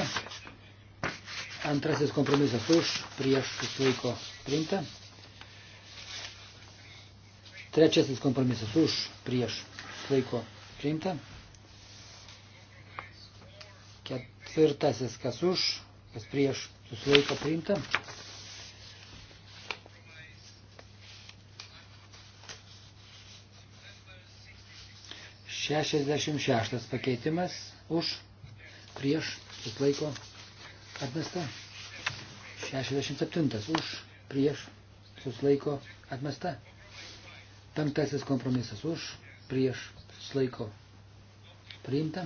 Antrasis kompromisas už, prieš susilaiko priimta. Trečiasis kompromisas už, prieš susilaiko priimta. Ketvirtasis kas už, kas prieš susilaiko priimta. 66 pakeitimas už, prieš, susilaiko, atmesta. 67 už, prieš, susilaiko, atmesta. Penktasis kompromisas už, prieš, susilaiko, priimta.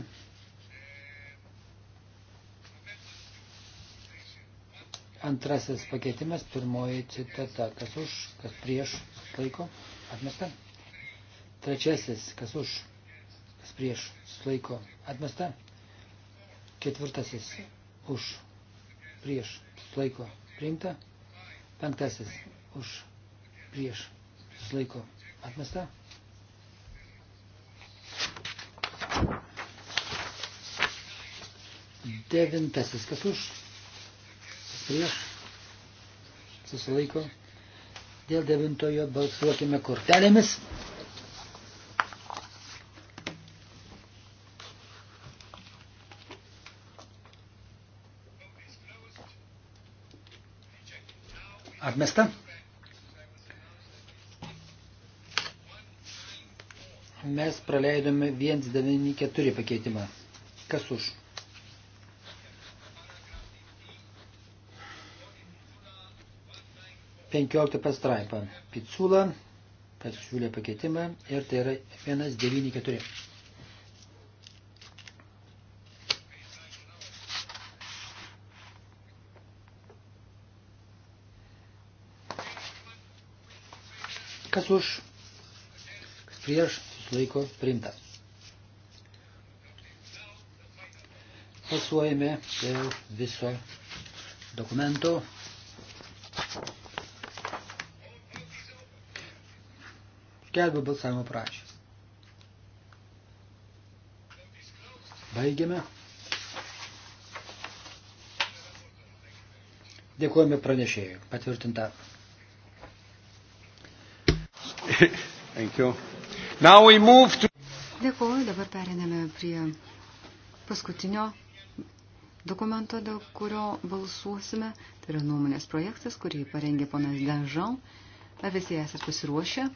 Antrasis pakeitimas, pirmoji citata, kas už, kas prieš, laiko, atmesta. Trečiasis, kas už, kas prieš laiko atmesta. Ketvirtasis už prieš laiko priimta. Penktasis už prieš laiko atmesta. Devintasis, kas už, kas prieš, susilaiko. Dėl devintojo balsuokime kortelėmis. Atmesta. Mes praleidome 194 pakeitimą. Kas už? Penkioliktą pastraipą. Picula pasiūlė pakeitimą ir tai yra 194. Kas už? Prieš susilaiko priimta. Pasuojame dėl viso dokumento. Skelbiu balsavimo prašymą. Baigiame. Dėkojame pranešėjui. Patvirtinta. Thank you. Now we move to... Dėkuoju, dabar periname prie paskutinio dokumento, dėl kurio balsuosime. Tai yra nuomonės projektas, kurį parengė ponas Danžan. Ar visi esate pasiruošę?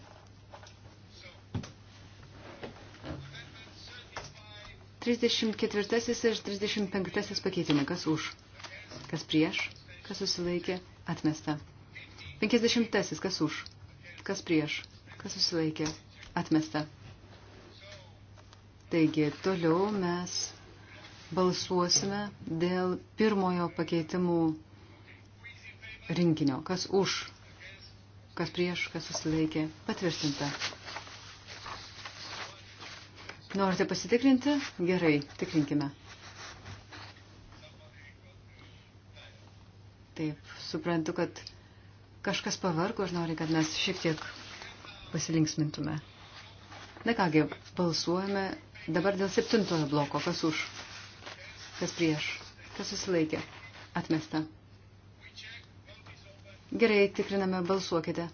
Trisdešimt ketvirtasis ir trisdešimt penktasis pakeitimai. Kas už? Kas prieš? Kas susilaikė? Atmesta. Penkisdešimtasis. Kas už? Kas prieš? kas susilaikė, atmesta. Taigi, toliau mes balsuosime dėl pirmojo pakeitimų rinkinio. Kas už, kas prieš, kas susilaikė, patvirtinta. Norite pasitikrinti? Gerai, tikrinkime. Taip, suprantu, kad kažkas pavargo ir nori, kad mes šiek tiek pasilinksmintume. Na kągi, balsuojame dabar dėl septintojo bloko. Kas už? Kas prieš? Kas susilaikė? Atmesta. Gerai, tikriname, balsuokite.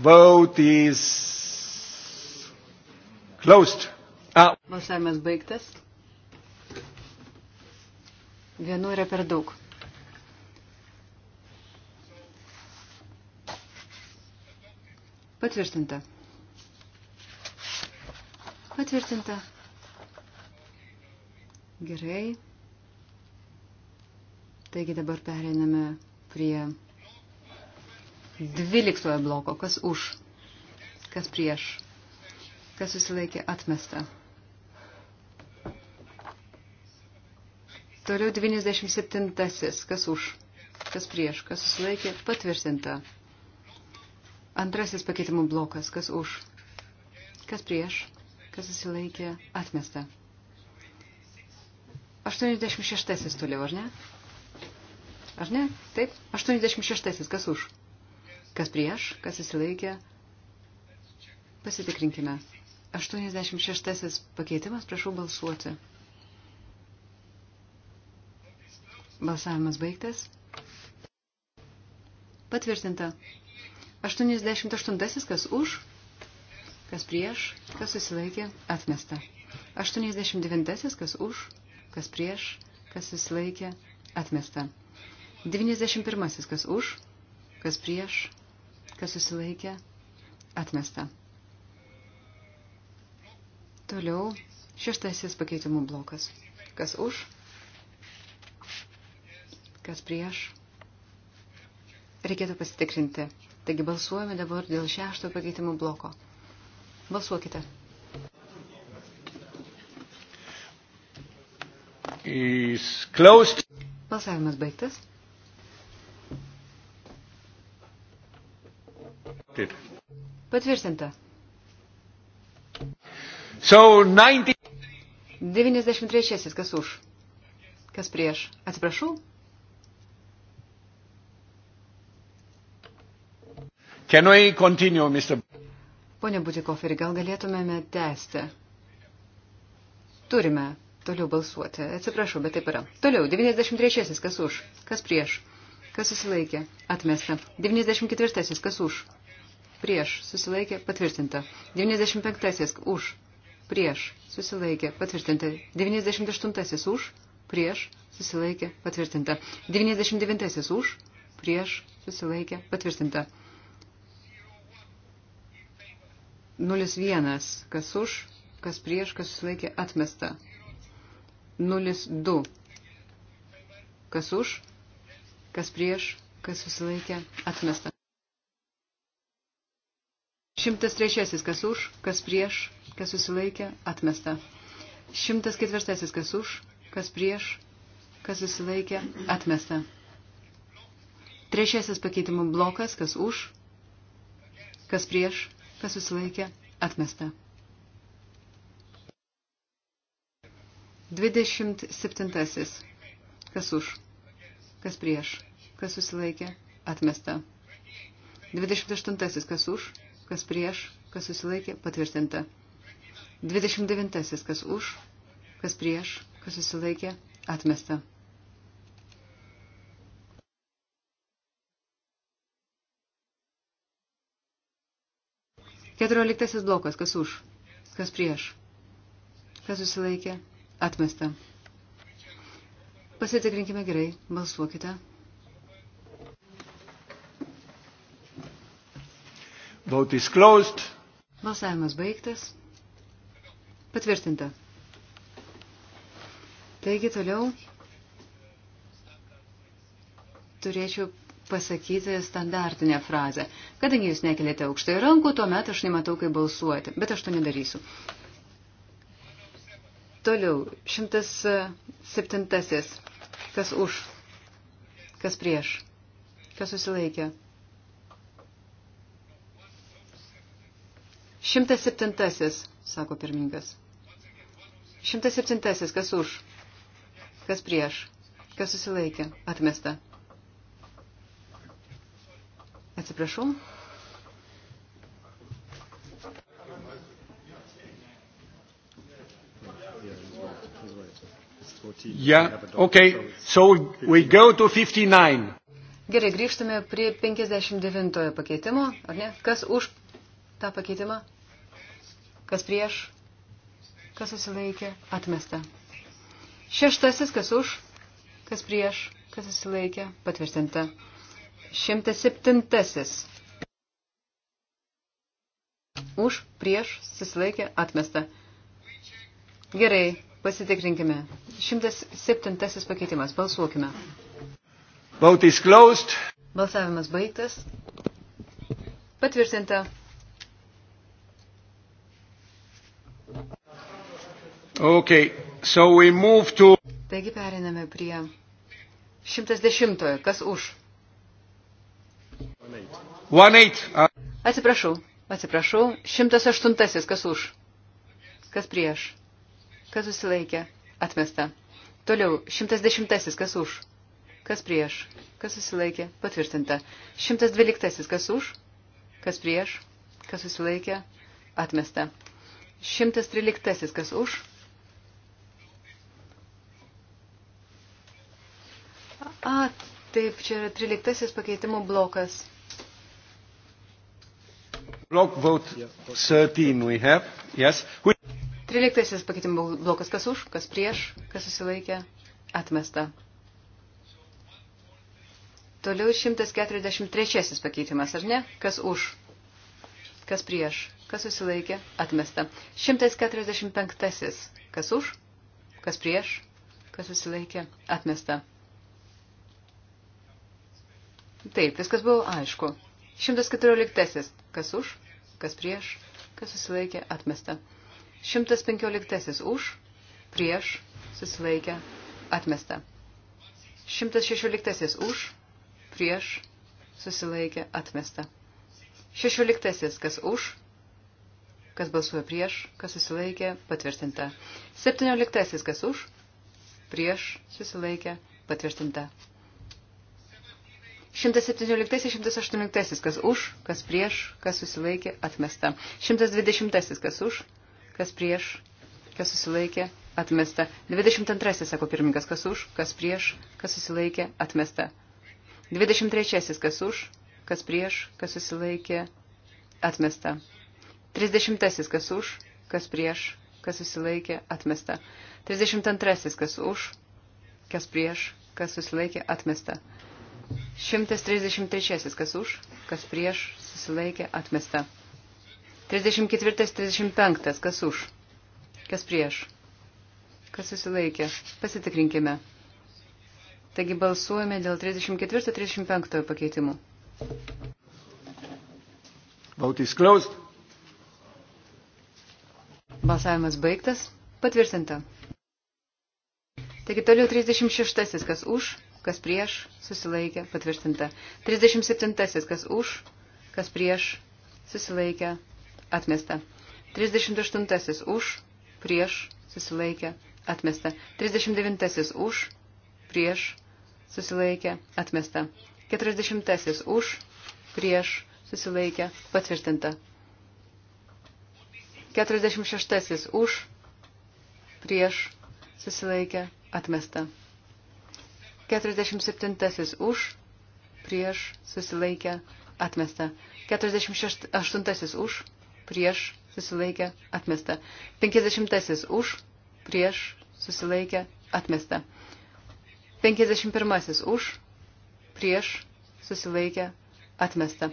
Vote is closed. Ah. Balsavimas baigtas. Vienu yra per daug. Patvirtinta. Patvirtinta. Gerai. Taigi dabar pereiname prie 12 bloko. Kas už? Kas prieš? Kas susilaikė atmesta? Toliau 97. Kas už? Kas prieš? Kas susilaikė patvirtinta? Antrasis pakeitimų blokas. Kas už? Kas prieš? Kas susilaikė? Atmesta. 86 toliau, ar ne? Ar ne? Taip. 86. Kas už? Kas prieš? Kas susilaikė? Pasitikrinkime. 86 pakeitimas, prašau balsuoti. Balsavimas baigtas. Patvirtinta. 88. Kas už, kas prieš, kas susilaikė, atmesta. 89. Kas už, kas prieš, kas susilaikė, atmesta. 91. Kas už, kas prieš, kas susilaikė, atmesta. Toliau šeštasis pakeitimų blokas. Kas už, kas prieš. Reikėtų pasitikrinti. Taigi balsuojame dabar dėl šešto pakeitimų bloko. Balsuokite. Balsavimas baigtas. Taip. Patvirtinta. So, 90... 93. Kas už? Kas prieš? Atsiprašau, Can we continue, Mr. Pone Butikoferi, gal galėtumėme tęsti? Turime toliau balsuoti. Atsiprašau, bet taip yra. Toliau, 93-asis, kas už, kas prieš, kas susilaikė, atmesta. 94-asis, kas už, prieš, susilaikė, patvirtinta. 95-asis, už, prieš, susilaikė, patvirtinta. 98-asis, už, prieš, susilaikė, patvirtinta. 99-asis, už, prieš, susilaikė, patvirtinta. 01, kas už, kas prieš, kas susilaikė atmesta. 02, kas už, kas prieš, kas susilaikė atmesta. 103, kas už, kas prieš, kas susilaikė atmesta. 104, kas už, kas prieš, kas susilaikė atmesta. Trečiasis pakeitimų blokas, kas už, kas prieš, kas susilaikė, atmesta. 27. Kas už, kas prieš, kas susilaikė, atmesta. 28. Kas už, kas prieš, kas susilaikė, patvirtinta. 29. Kas už, kas prieš, kas susilaikė, atmesta. Keturioliktasis blokas, kas už, kas prieš, kas susilaikė, atmesta. Pasitikrinkime gerai, balsuokite. Vote is closed. Balsavimas baigtas. Patvirtinta. Taigi toliau turėčiau pasakyti standartinę frazę. Kadangi jūs nekeliate aukštai rankų, tuomet aš nematau, kaip balsuojate, bet aš to nedarysiu. Toliau, 107. E, Kas už? Kas prieš? Kas susilaikė? 107. Sako pirmininkas. 107. Kas už? Kas prieš? Kas susilaikė? Atmesta. Atsiprašau. Yeah, okay. so we go to 59. Gerai, grįžtame prie 59 pakeitimo, ar ne? Kas už tą pakeitimą? Kas prieš? Kas susilaikė? Atmesta. Šeštasis, kas už? Kas prieš? Kas susilaikė? Patvirtinta. 107. Už, prieš, susilaikė, atmesta. Gerai, pasitikrinkime. 107 pakeitimas. Balsuokime. Vote is closed. Balsavimas baigtas. Patvirtinta. Okay, so we move to... Taigi periname prie 110. Kas už? Uh, atsiprašau, atsiprašau. 108. Kas už? Kas prieš? Kas susilaikė? Atmesta. Toliau. 110. Kas už? Kas prieš? Kas susilaikė? Patvirtinta. 112. Kas už? Kas prieš? Kas susilaikė? Atmesta. 113. Kas už? A, taip, čia yra 13 pakeitimų blokas. Block vote 13 we have. Yes. We... 13 pakeitimų blokas. Kas už, kas prieš, kas susilaikė, atmesta. Toliau 143 pakeitimas, ar ne? Kas už, kas prieš, kas susilaikė, atmesta. 145. Kas už, kas prieš, kas susilaikė, atmesta. Taip, viskas buvo aišku. 114. Kas už, kas prieš, kas susilaikė, atmesta. 115. Už, prieš, susilaikė, atmesta. 116. Už, prieš, susilaikė, atmesta. 16. Kas už, kas balsuoja prieš, kas susilaikė, patvirtinta. 17. Kas už, prieš, susilaikė, patvirtinta. 117-118, kas už, kas prieš, kas susilaikė, atmesta. 120, kas už, kas prieš, kas susilaikė, atmesta. 22, sako pirmininkas, kas už, kas prieš, kas susilaikė, atmesta. 23, kas už, kas prieš, kas susilaikė, atmesta. 30, kas už, kas prieš, kas susilaikė, atmesta. 32, kas už, kas prieš, kas susilaikė, atmesta. 133. Kas už, kas prieš, susilaikė, atmesta. 34, 35. Kas už, kas prieš, kas susilaikė. Pasitikrinkime. Taigi balsuojame dėl 34, 35 pakeitimų. Vote is closed. Balsavimas baigtas. Patvirtinta. Taigi toliau 36. Kas už, kas prieš, susilaikė, patvirtinta. 37. kas už, kas prieš, susilaikė, atmesta. 38. už, prieš, susilaikė, atmesta. 39. už, prieš, susilaikė, atmesta. 40. už, prieš, susilaikė, patvirtinta. 46. už, prieš, susilaikė, atmesta. 47 už, prieš, susilaikę, atmesta. 48 už, prieš, susilaikę, atmesta. 50 už, prieš, susilaikę, atmesta. 51 už, prieš, susilaikę, atmesta.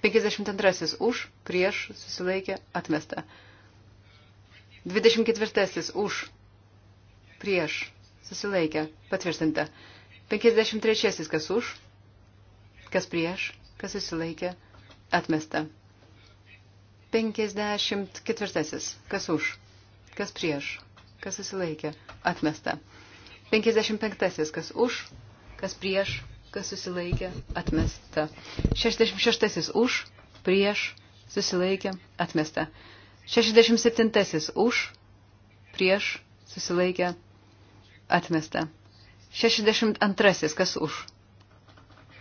52 už, prieš, susilaikė, atmesta. 24 už, prieš, susilaikė, patvirtinta. 53 kas už, kas prieš, kas susilaikė, atmesta. 54 kas už, kas prieš, kas susilaikė, atmesta. 55 kas už, kas prieš, kas susilaikė, atmesta. 66 už, prieš, susilaikė, atmesta. 67 už, prieš, susilaikė, atmesta. 62. Kas už?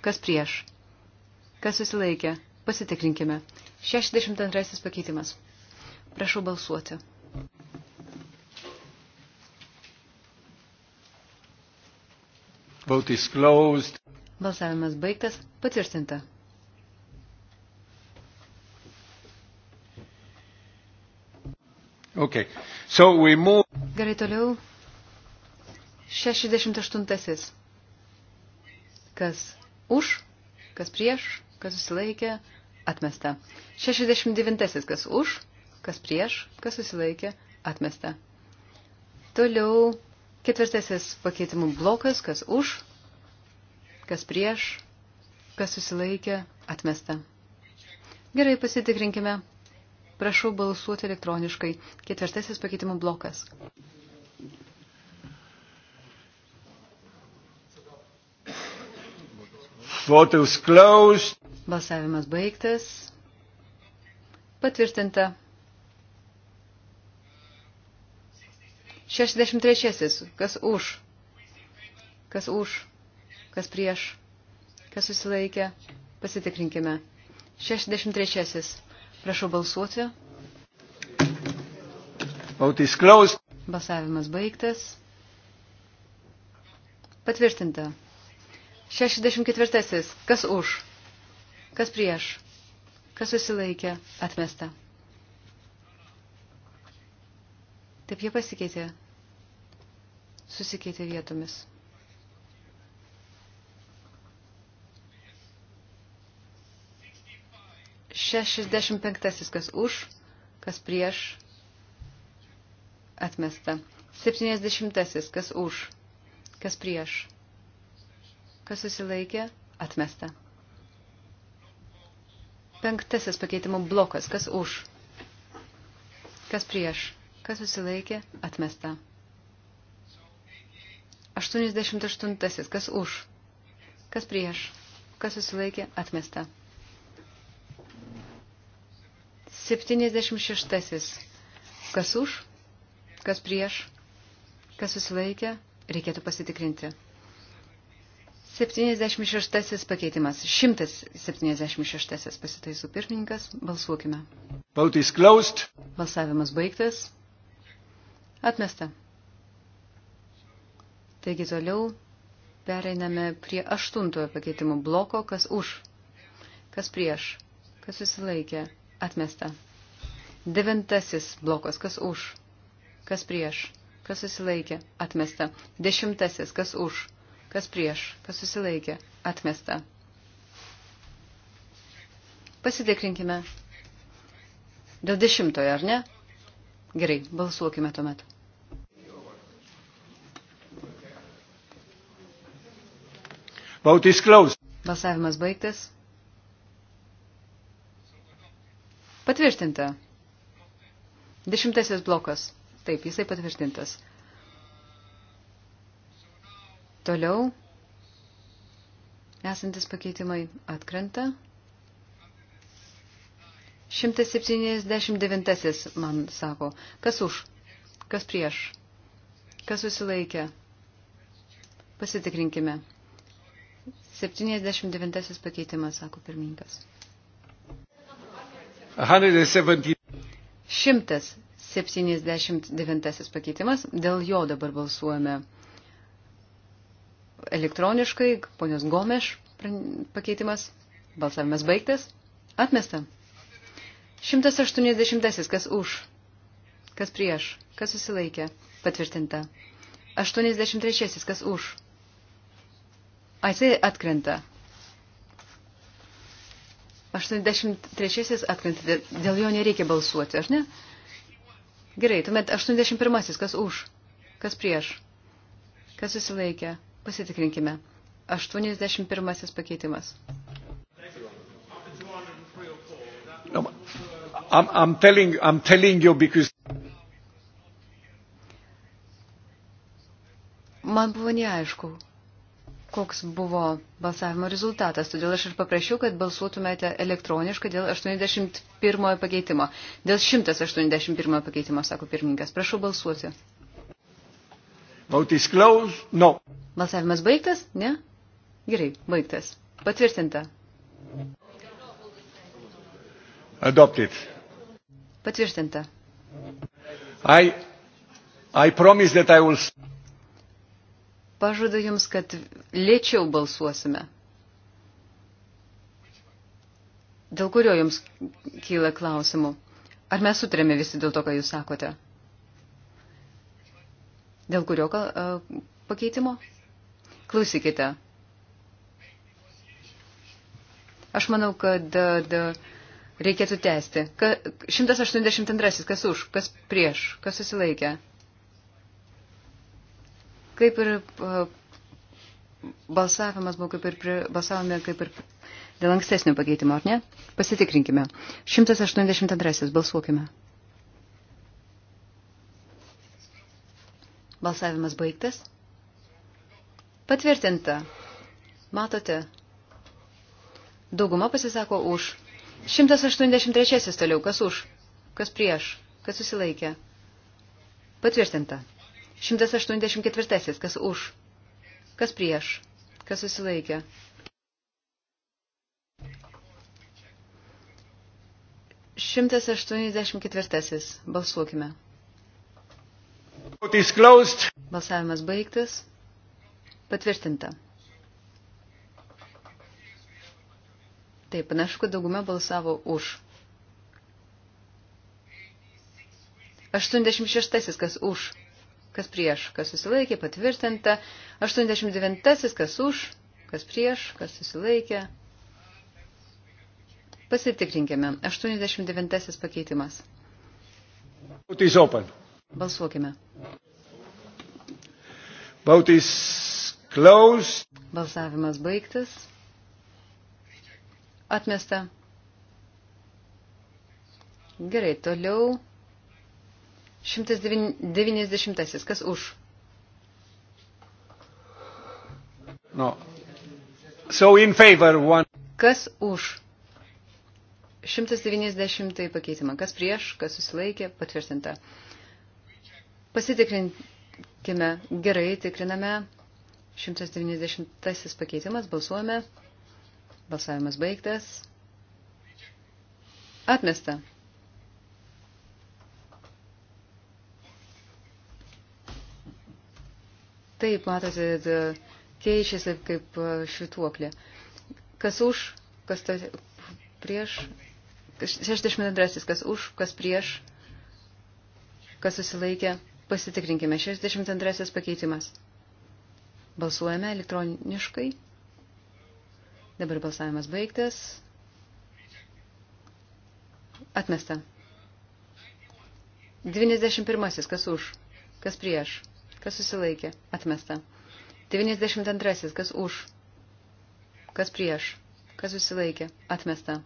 Kas prieš? Kas susilaikė? Pasitikrinkime. 62. pakeitimas. Prašau balsuoti. Vote is closed. Balsavimas baigtas. Patvirtinta. Okay. So we move... Gerai toliau 68. Kas už, kas prieš, kas susilaikė, atmesta. 69. Kas už, kas prieš, kas susilaikė, atmesta. Toliau ketvirtasis pakeitimų blokas, kas už, kas prieš, kas susilaikė, atmesta. Gerai, pasitikrinkime. Prašau balsuoti elektroniškai. Ketvirtasis pakeitimų blokas. Vote is closed. Balsavimas baigtas. Patvirtinta. 63. Kas už? Kas už? Kas prieš? Kas susilaikė? Pasitikrinkime. 63. Prašau balsuoti. Vote is closed. Balsavimas baigtas. Patvirtinta. 64. Kas už? Kas prieš? Kas susilaikė? Atmesta. Taip jie pasikeitė. Susikeitė vietomis. Šešisdešimt penktasis, kas už, kas prieš, atmesta. Septyniasdešimtasis, kas už, kas prieš, kas susilaikė, atmesta. Penktasis pakeitimo blokas, kas už, kas prieš, kas susilaikė, atmesta. 88. Kas už, kas prieš, kas susilaikė, atmesta. 76. Kas už, kas prieš, kas susilaikė, reikėtų pasitikrinti. 76 pakeitimas. 176 pasitaisų pirmininkas. Balsuokime. Balsavimas baigtas. Atmesta. Taigi toliau pereiname prie aštuntojo pakeitimo bloko, kas už, kas prieš, kas susilaikė, atmesta. Devintasis blokas, kas už, kas prieš, kas susilaikė, atmesta. Dešimtasis, kas už, kas prieš, kas susilaikė, atmesta. Pasitikrinkime. Dėl dešimtojo, ar ne? Gerai, balsuokime tuomet. Balsavimas baigtas. Patvirtinta. Dešimtasis blokas. Taip, jisai patvirtintas. Toliau esantis pakeitimai atkrenta. 179 man sako, kas už, kas prieš, kas susilaikė. Pasitikrinkime. 79 pakeitimas, sako pirmininkas. 179 pakeitimas, dėl jo dabar balsuojame elektroniškai, ponios Gomeš pakeitimas, balsavimas baigtas, atmesta. 180, kas už, kas prieš, kas susilaikė, patvirtinta. 83, kas už. Aisai atkrenta. 83 atkrenta, dėl jo nereikia balsuoti, aš ne? Gerai, tuomet 81, kas už, kas prieš, kas susilaikė, Pasitikrinkime. 81 pakeitimas. No, I'm, I'm telling, I'm telling you because... Man buvo neaišku, koks buvo balsavimo rezultatas, todėl aš ir paprašiau, kad balsuotumėte elektroniškai dėl 81 pakeitimo. Dėl 181 pakeitimo, sako pirmininkas. Prašau balsuoti. Vote is closed. No. Balsavimas baigtas? Ne? Gerai, baigtas. Patvirtinta. Adopted. Patvirtinta. I, I promise that I will... Pažadu Jums, kad lėčiau balsuosime. Dėl kurio Jums kyla klausimų? Ar mes sutarėme visi dėl to, ką Jūs sakote? Dėl kurio pakeitimo? Klausykite. Aš manau, kad da, da, reikėtų tęsti. Ka, 182. Kas už, kas prieš, kas susilaikė. Kaip ir balsavimas buvo, kaip ir balsavome, kaip ir dėl ankstesnio pakeitimo, ar ne? Pasitikrinkime. 182. Balsuokime. Balsavimas baigtas. Patvirtinta. Matote, dauguma pasisako už. 183 toliau, kas už, kas prieš, kas susilaikė. Patvirtinta. 184 kas už, kas prieš, kas susilaikė. Šimtas aštuoniasdešimt ketvirtasis. Balsuokime. Balsavimas baigtas. Patvirtinta. Taip, panašu, kad dauguma balsavo už. 86. kas už, kas prieš, kas susilaikė, patvirtinta. 89. kas už, kas prieš, kas susilaikė. Pasitikrinkime. 89. pakeitimas. Balsuokime. Vote is Closed. Balsavimas baigtas. Atmesta. Gerai, toliau. 190. Kas už? No. So in favor one. Kas už? 190 pakeitimą. Kas prieš, kas susilaikė, patvirtinta. Pasitikrinkime. Gerai, tikriname. 190 pakeitimas, balsuojame. Balsavimas baigtas. Atmesta. Taip, matote, keičiasi kaip e, švituoklė. Kas už, kas ta, prieš, 62, kas už, kas prieš, kas susilaikė, pasitikrinkime, 62 pakeitimas. Balsuojame elektroniškai. Dabar balsavimas baigtas. Atmesta. 91. Kas už? Kas prieš? Kas susilaikė? Atmesta. 92. Kas už? Kas prieš? Kas susilaikė? Atmesta.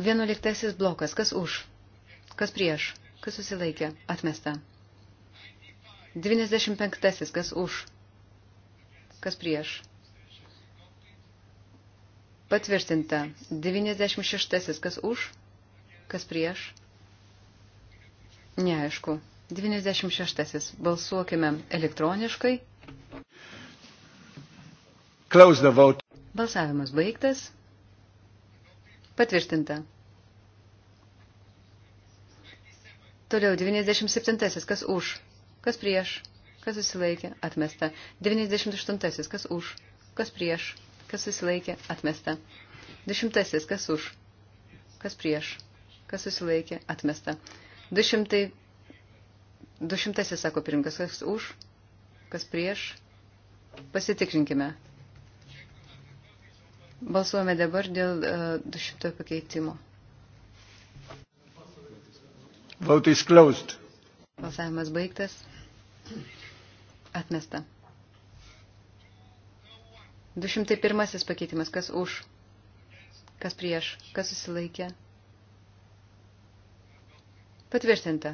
11. Blokas. Kas už? Kas prieš? Kas susilaikė? Atmesta. 95. Kas už? Kas prieš? Patvirtinta. 96. Kas už? Kas prieš? Neaišku. 96. Balsuokime elektroniškai. Close the vote. Balsavimas baigtas. Patvirtinta. Toliau 97. Kas už? Kas prieš? Kas susilaikė? Atmesta. 98. Kas už? Kas prieš? Kas susilaikė? Atmesta. 10. Kas už? Kas prieš? Kas susilaikė? Atmesta. 200. 200. Sako pirmininkas. Kas už? Kas prieš? Pasitikrinkime. Balsuojame dabar dėl uh, e, 200 pakeitimo. Vote is closed. Balsavimas baigtas. Atmesta. 201 pakeitimas. Kas už? Kas prieš? Kas susilaikė? Patvirtinta.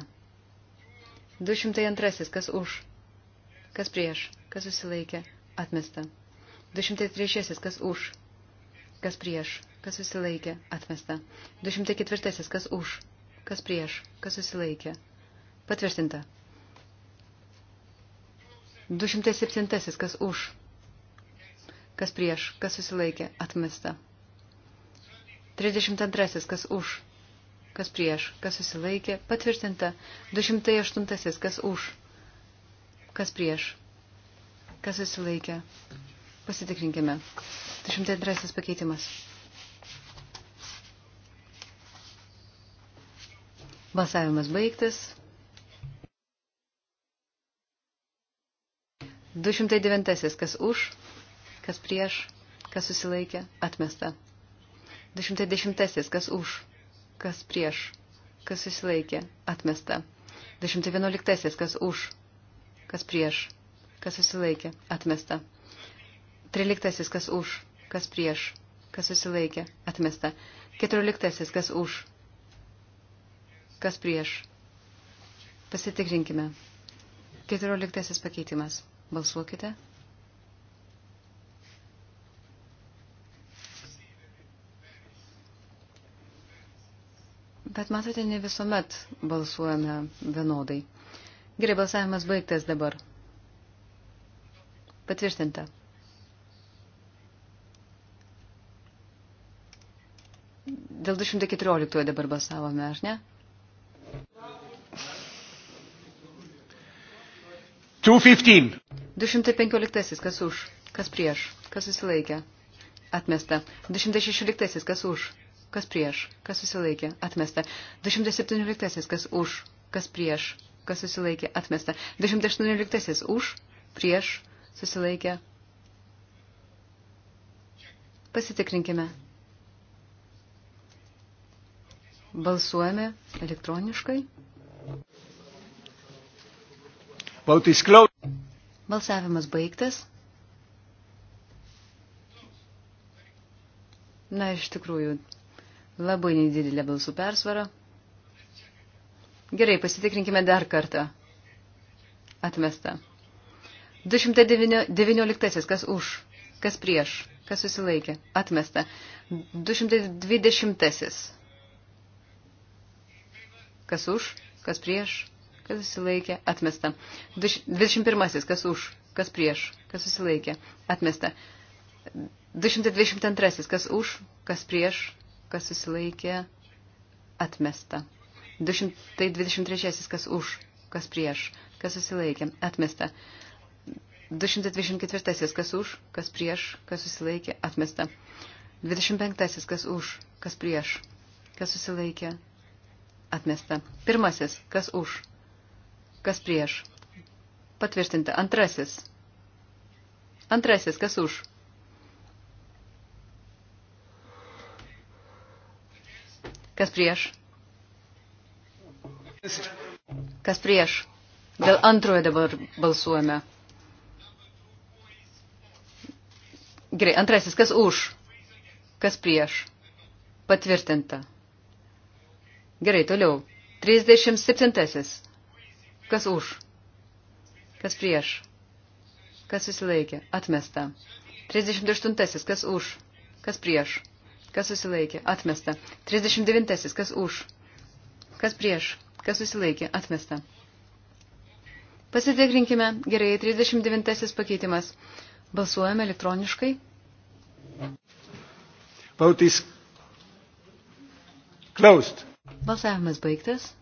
202. Kas už? Kas prieš? Kas susilaikė? Atmesta. 203. Kas už? Kas prieš? Kas susilaikė? Atmesta. 204. Kas už? Kas prieš? Kas susilaikė? Patvirtinta. 207. Kas už? Kas prieš? Kas susilaikė? Atmesta. 32. Kas už? Kas prieš? Kas susilaikė? Patvirtinta. 208. Kas už? Kas prieš? Kas susilaikė? Pasitikrinkime. 202. pakeitimas. Balsavimas baigtas. 209. Kas už, kas prieš, kas susilaikė, atmesta. 210. Kas už, kas prieš, kas susilaikė, atmesta. 211. Kas už, kas prieš, kas susilaikė, atmesta. 13. Kas už, kas prieš, kas susilaikė, atmesta. 14. Kas už, kas prieš. Pasitikrinkime. 14. pakeitimas. Balsuokite. Bet matote, ne visuomet balsuojame vienodai. Gerai, balsavimas baigtas dabar. Patvirtinta. Dėl 214 dabar balsavome, ar ne? 215. 215. Kas už? Kas prieš? Kas susilaikė? Atmesta. 216. Kas už? Kas prieš? Kas susilaikė? Atmesta. 217. Kas už? Kas prieš? Kas susilaikė? Atmesta. 218. Už? Prieš? Susilaikė? Pasitikrinkime. Balsuojame elektroniškai. Balsavimas baigtas. Na, iš tikrųjų, labai nedidelė balsų persvara. Gerai, pasitikrinkime dar kartą. Atmesta. 219. Kas už? Kas prieš? Kas susilaikė? Atmesta. 220. Kas už? Kas prieš? kas susilaikė, atmesta. 21. kas už, kas prieš, kas susilaikė, atmesta. 222. kas už, kas prieš, kas susilaikė, atmesta. 223. Tai kas už, kas prieš, kas susilaikė, atmesta. 224. kas už, kas prieš, kas susilaikė, atmesta. 25. kas už, kas prieš, kas susilaikė, atmesta. Pirmasis, kas už, Kas prieš? Patvirtinta. Antrasis. Antrasis. Kas už? Kas prieš? Kas prieš? Dėl antrojo dabar balsuojame. Gerai, antrasis, kas už? Kas prieš? Patvirtinta. Gerai, toliau. 37. Kas už? Kas prieš? Kas susilaikė? Atmesta. 38. Kas už? Kas prieš? Kas susilaikė? Atmesta. 39. Kas už? Kas prieš? Kas susilaikė? Atmesta. Pasitikrinkime. Gerai, 39 pakeitimas. Balsuojame elektroniškai. Vote is closed. Balsavimas baigtas.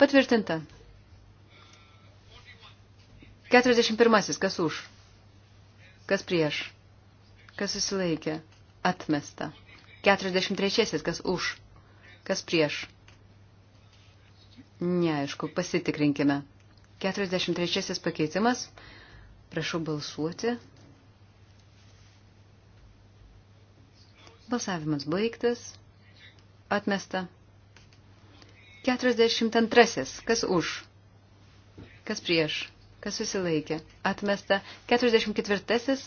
Patvirtinta. 41. Kas už? Kas prieš? Kas susilaikė? Atmesta. 43. Kas už? Kas prieš? Neaišku, pasitikrinkime. 43. pakeitimas. Prašau balsuoti. Balsavimas baigtas. Atmesta. 42. Kas už? Kas prieš? kas susilaikė, atmesta 44,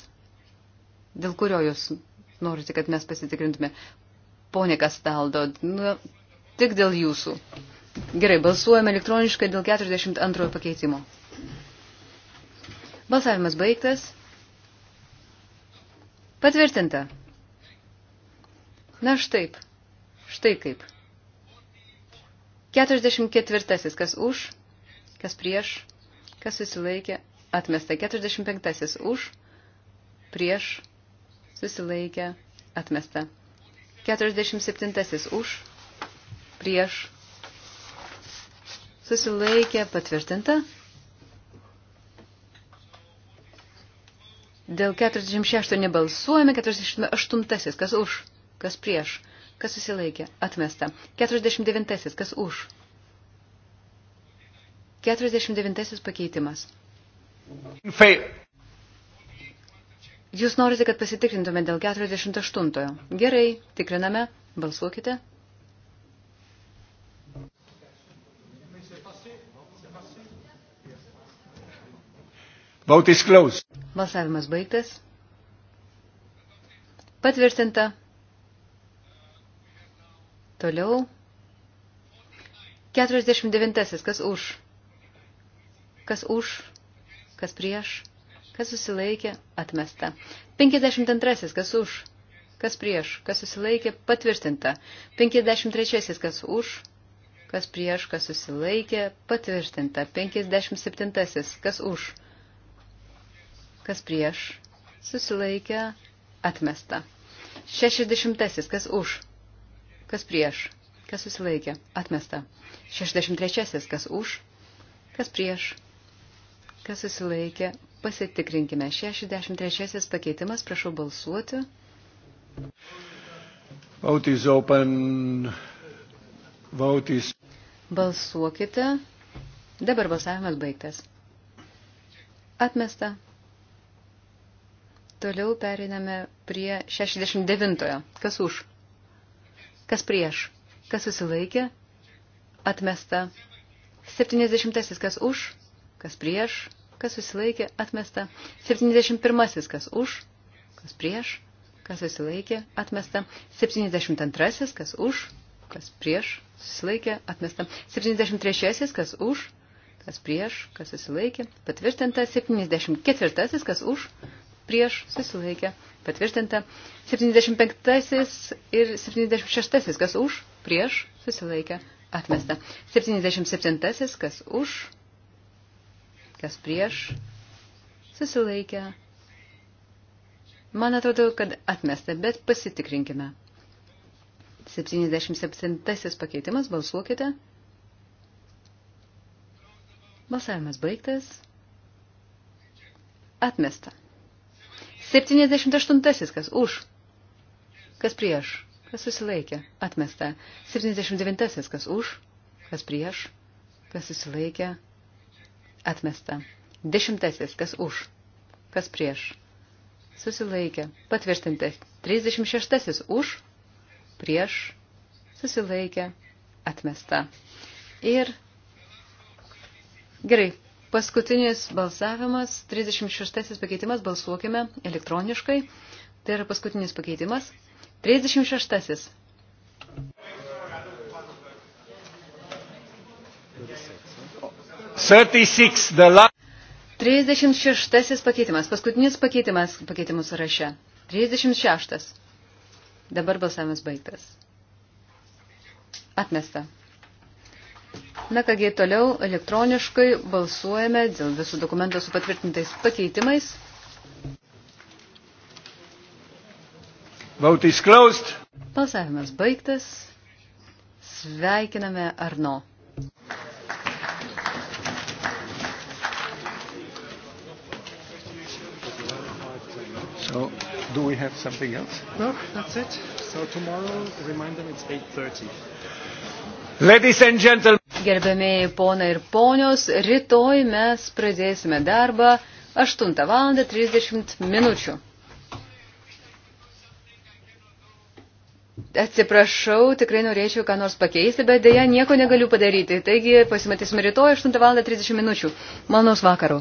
dėl kurio jūs norite, kad mes pasitikrintume. Pone Kastaldo, nu, tik dėl jūsų. Gerai, balsuojame elektroniškai dėl 42 pakeitimo. Balsavimas baigtas. Patvirtinta. Na štaip. Štai kaip. 44. Kas už, kas prieš, kas susilaikė, atmesta 45 už, prieš, susilaikė, atmesta 47 už, prieš, susilaikė, patvirtinta. Dėl 46 nebalsuojame, 48 kas už, kas prieš, kas susilaikė, atmesta. 49 kas už, 49 pakeitimas. Jūs norite, kad pasitikrintume dėl 48. Gerai, tikriname, balsuokite. Vote is closed. Balsavimas baigtas. Patvirtinta. Toliau. 49. Kas už? Kas už, kas prieš, kas susilaikė, atmesta. 52. Kas už, kas prieš, kas susilaikė, patvirtinta. 53. Kas už, kas prieš, kas susilaikė, patvirtinta. 57. Kas už, kas prieš, susilaikė, atmesta. 60. Kas už, kas prieš, kas susilaikė, atmesta. 63. Kas už, kas prieš, Kas susilaikė? Pasitikrinkime. 63 pakeitimas, prašau balsuoti. Vote is open. Vote is... Balsuokite. Dabar balsavimas baigtas. Atmesta. Toliau periname prie 69-ojo. Kas už? Kas prieš? Kas susilaikė? Atmesta. 70-asis kas už? kas prieš, kas susilaikė, atmesta. 71. kas už, kas prieš, kas susilaikė, atmesta. 72. kas už, kas prieš, susilaikė, atmesta. 73. kas už, kas prieš, kas susilaikė, patvirtinta. 74. kas už, prieš, susilaikė, patvirtinta. 75. ir 76. kas už, prieš, susilaikė, atmesta. 77. kas už, kas prieš, susilaikė. Man atrodo, kad atmesta, bet pasitikrinkime. 77 pakeitimas, balsuokite. Balsavimas baigtas. Atmesta. 78. Kas už? Kas prieš? Kas susilaikė? Atmesta. 79. Kas už? Kas prieš? Kas susilaikė? Atmesta. Dešimtasis. Kas už? Kas prieš? Susilaikė. Patvirtinta. 36. Už. Prieš. Susilaikė. Atmesta. Ir. Gerai. Paskutinis balsavimas. 36. pakeitimas. Balsuokime elektroniškai. Tai yra paskutinis pakeitimas. 36. 36, the last... 36 pakeitimas, paskutinis pakeitimas pakeitimų sąraše. 36. Dabar balsavimas baigtas. Atmesta. Na kągi, toliau elektroniškai balsuojame dėl visų dokumentų su patvirtintais pakeitimais. Vote is closed. Balsavimas baigtas. Sveikiname Arno. So, do we have something else? No, that's it. So tomorrow, remind them it's 8.30. Ladies and gentlemen. Gerbėmiai ponai ir ponios, rytoj mes pradėsime darbą 8 val. 30 minučių. Atsiprašau, tikrai norėčiau ką nors pakeisti, bet dėja nieko negaliu padaryti. Taigi pasimatysime rytoj 8 val. 30 minučių. Malnaus vakaro.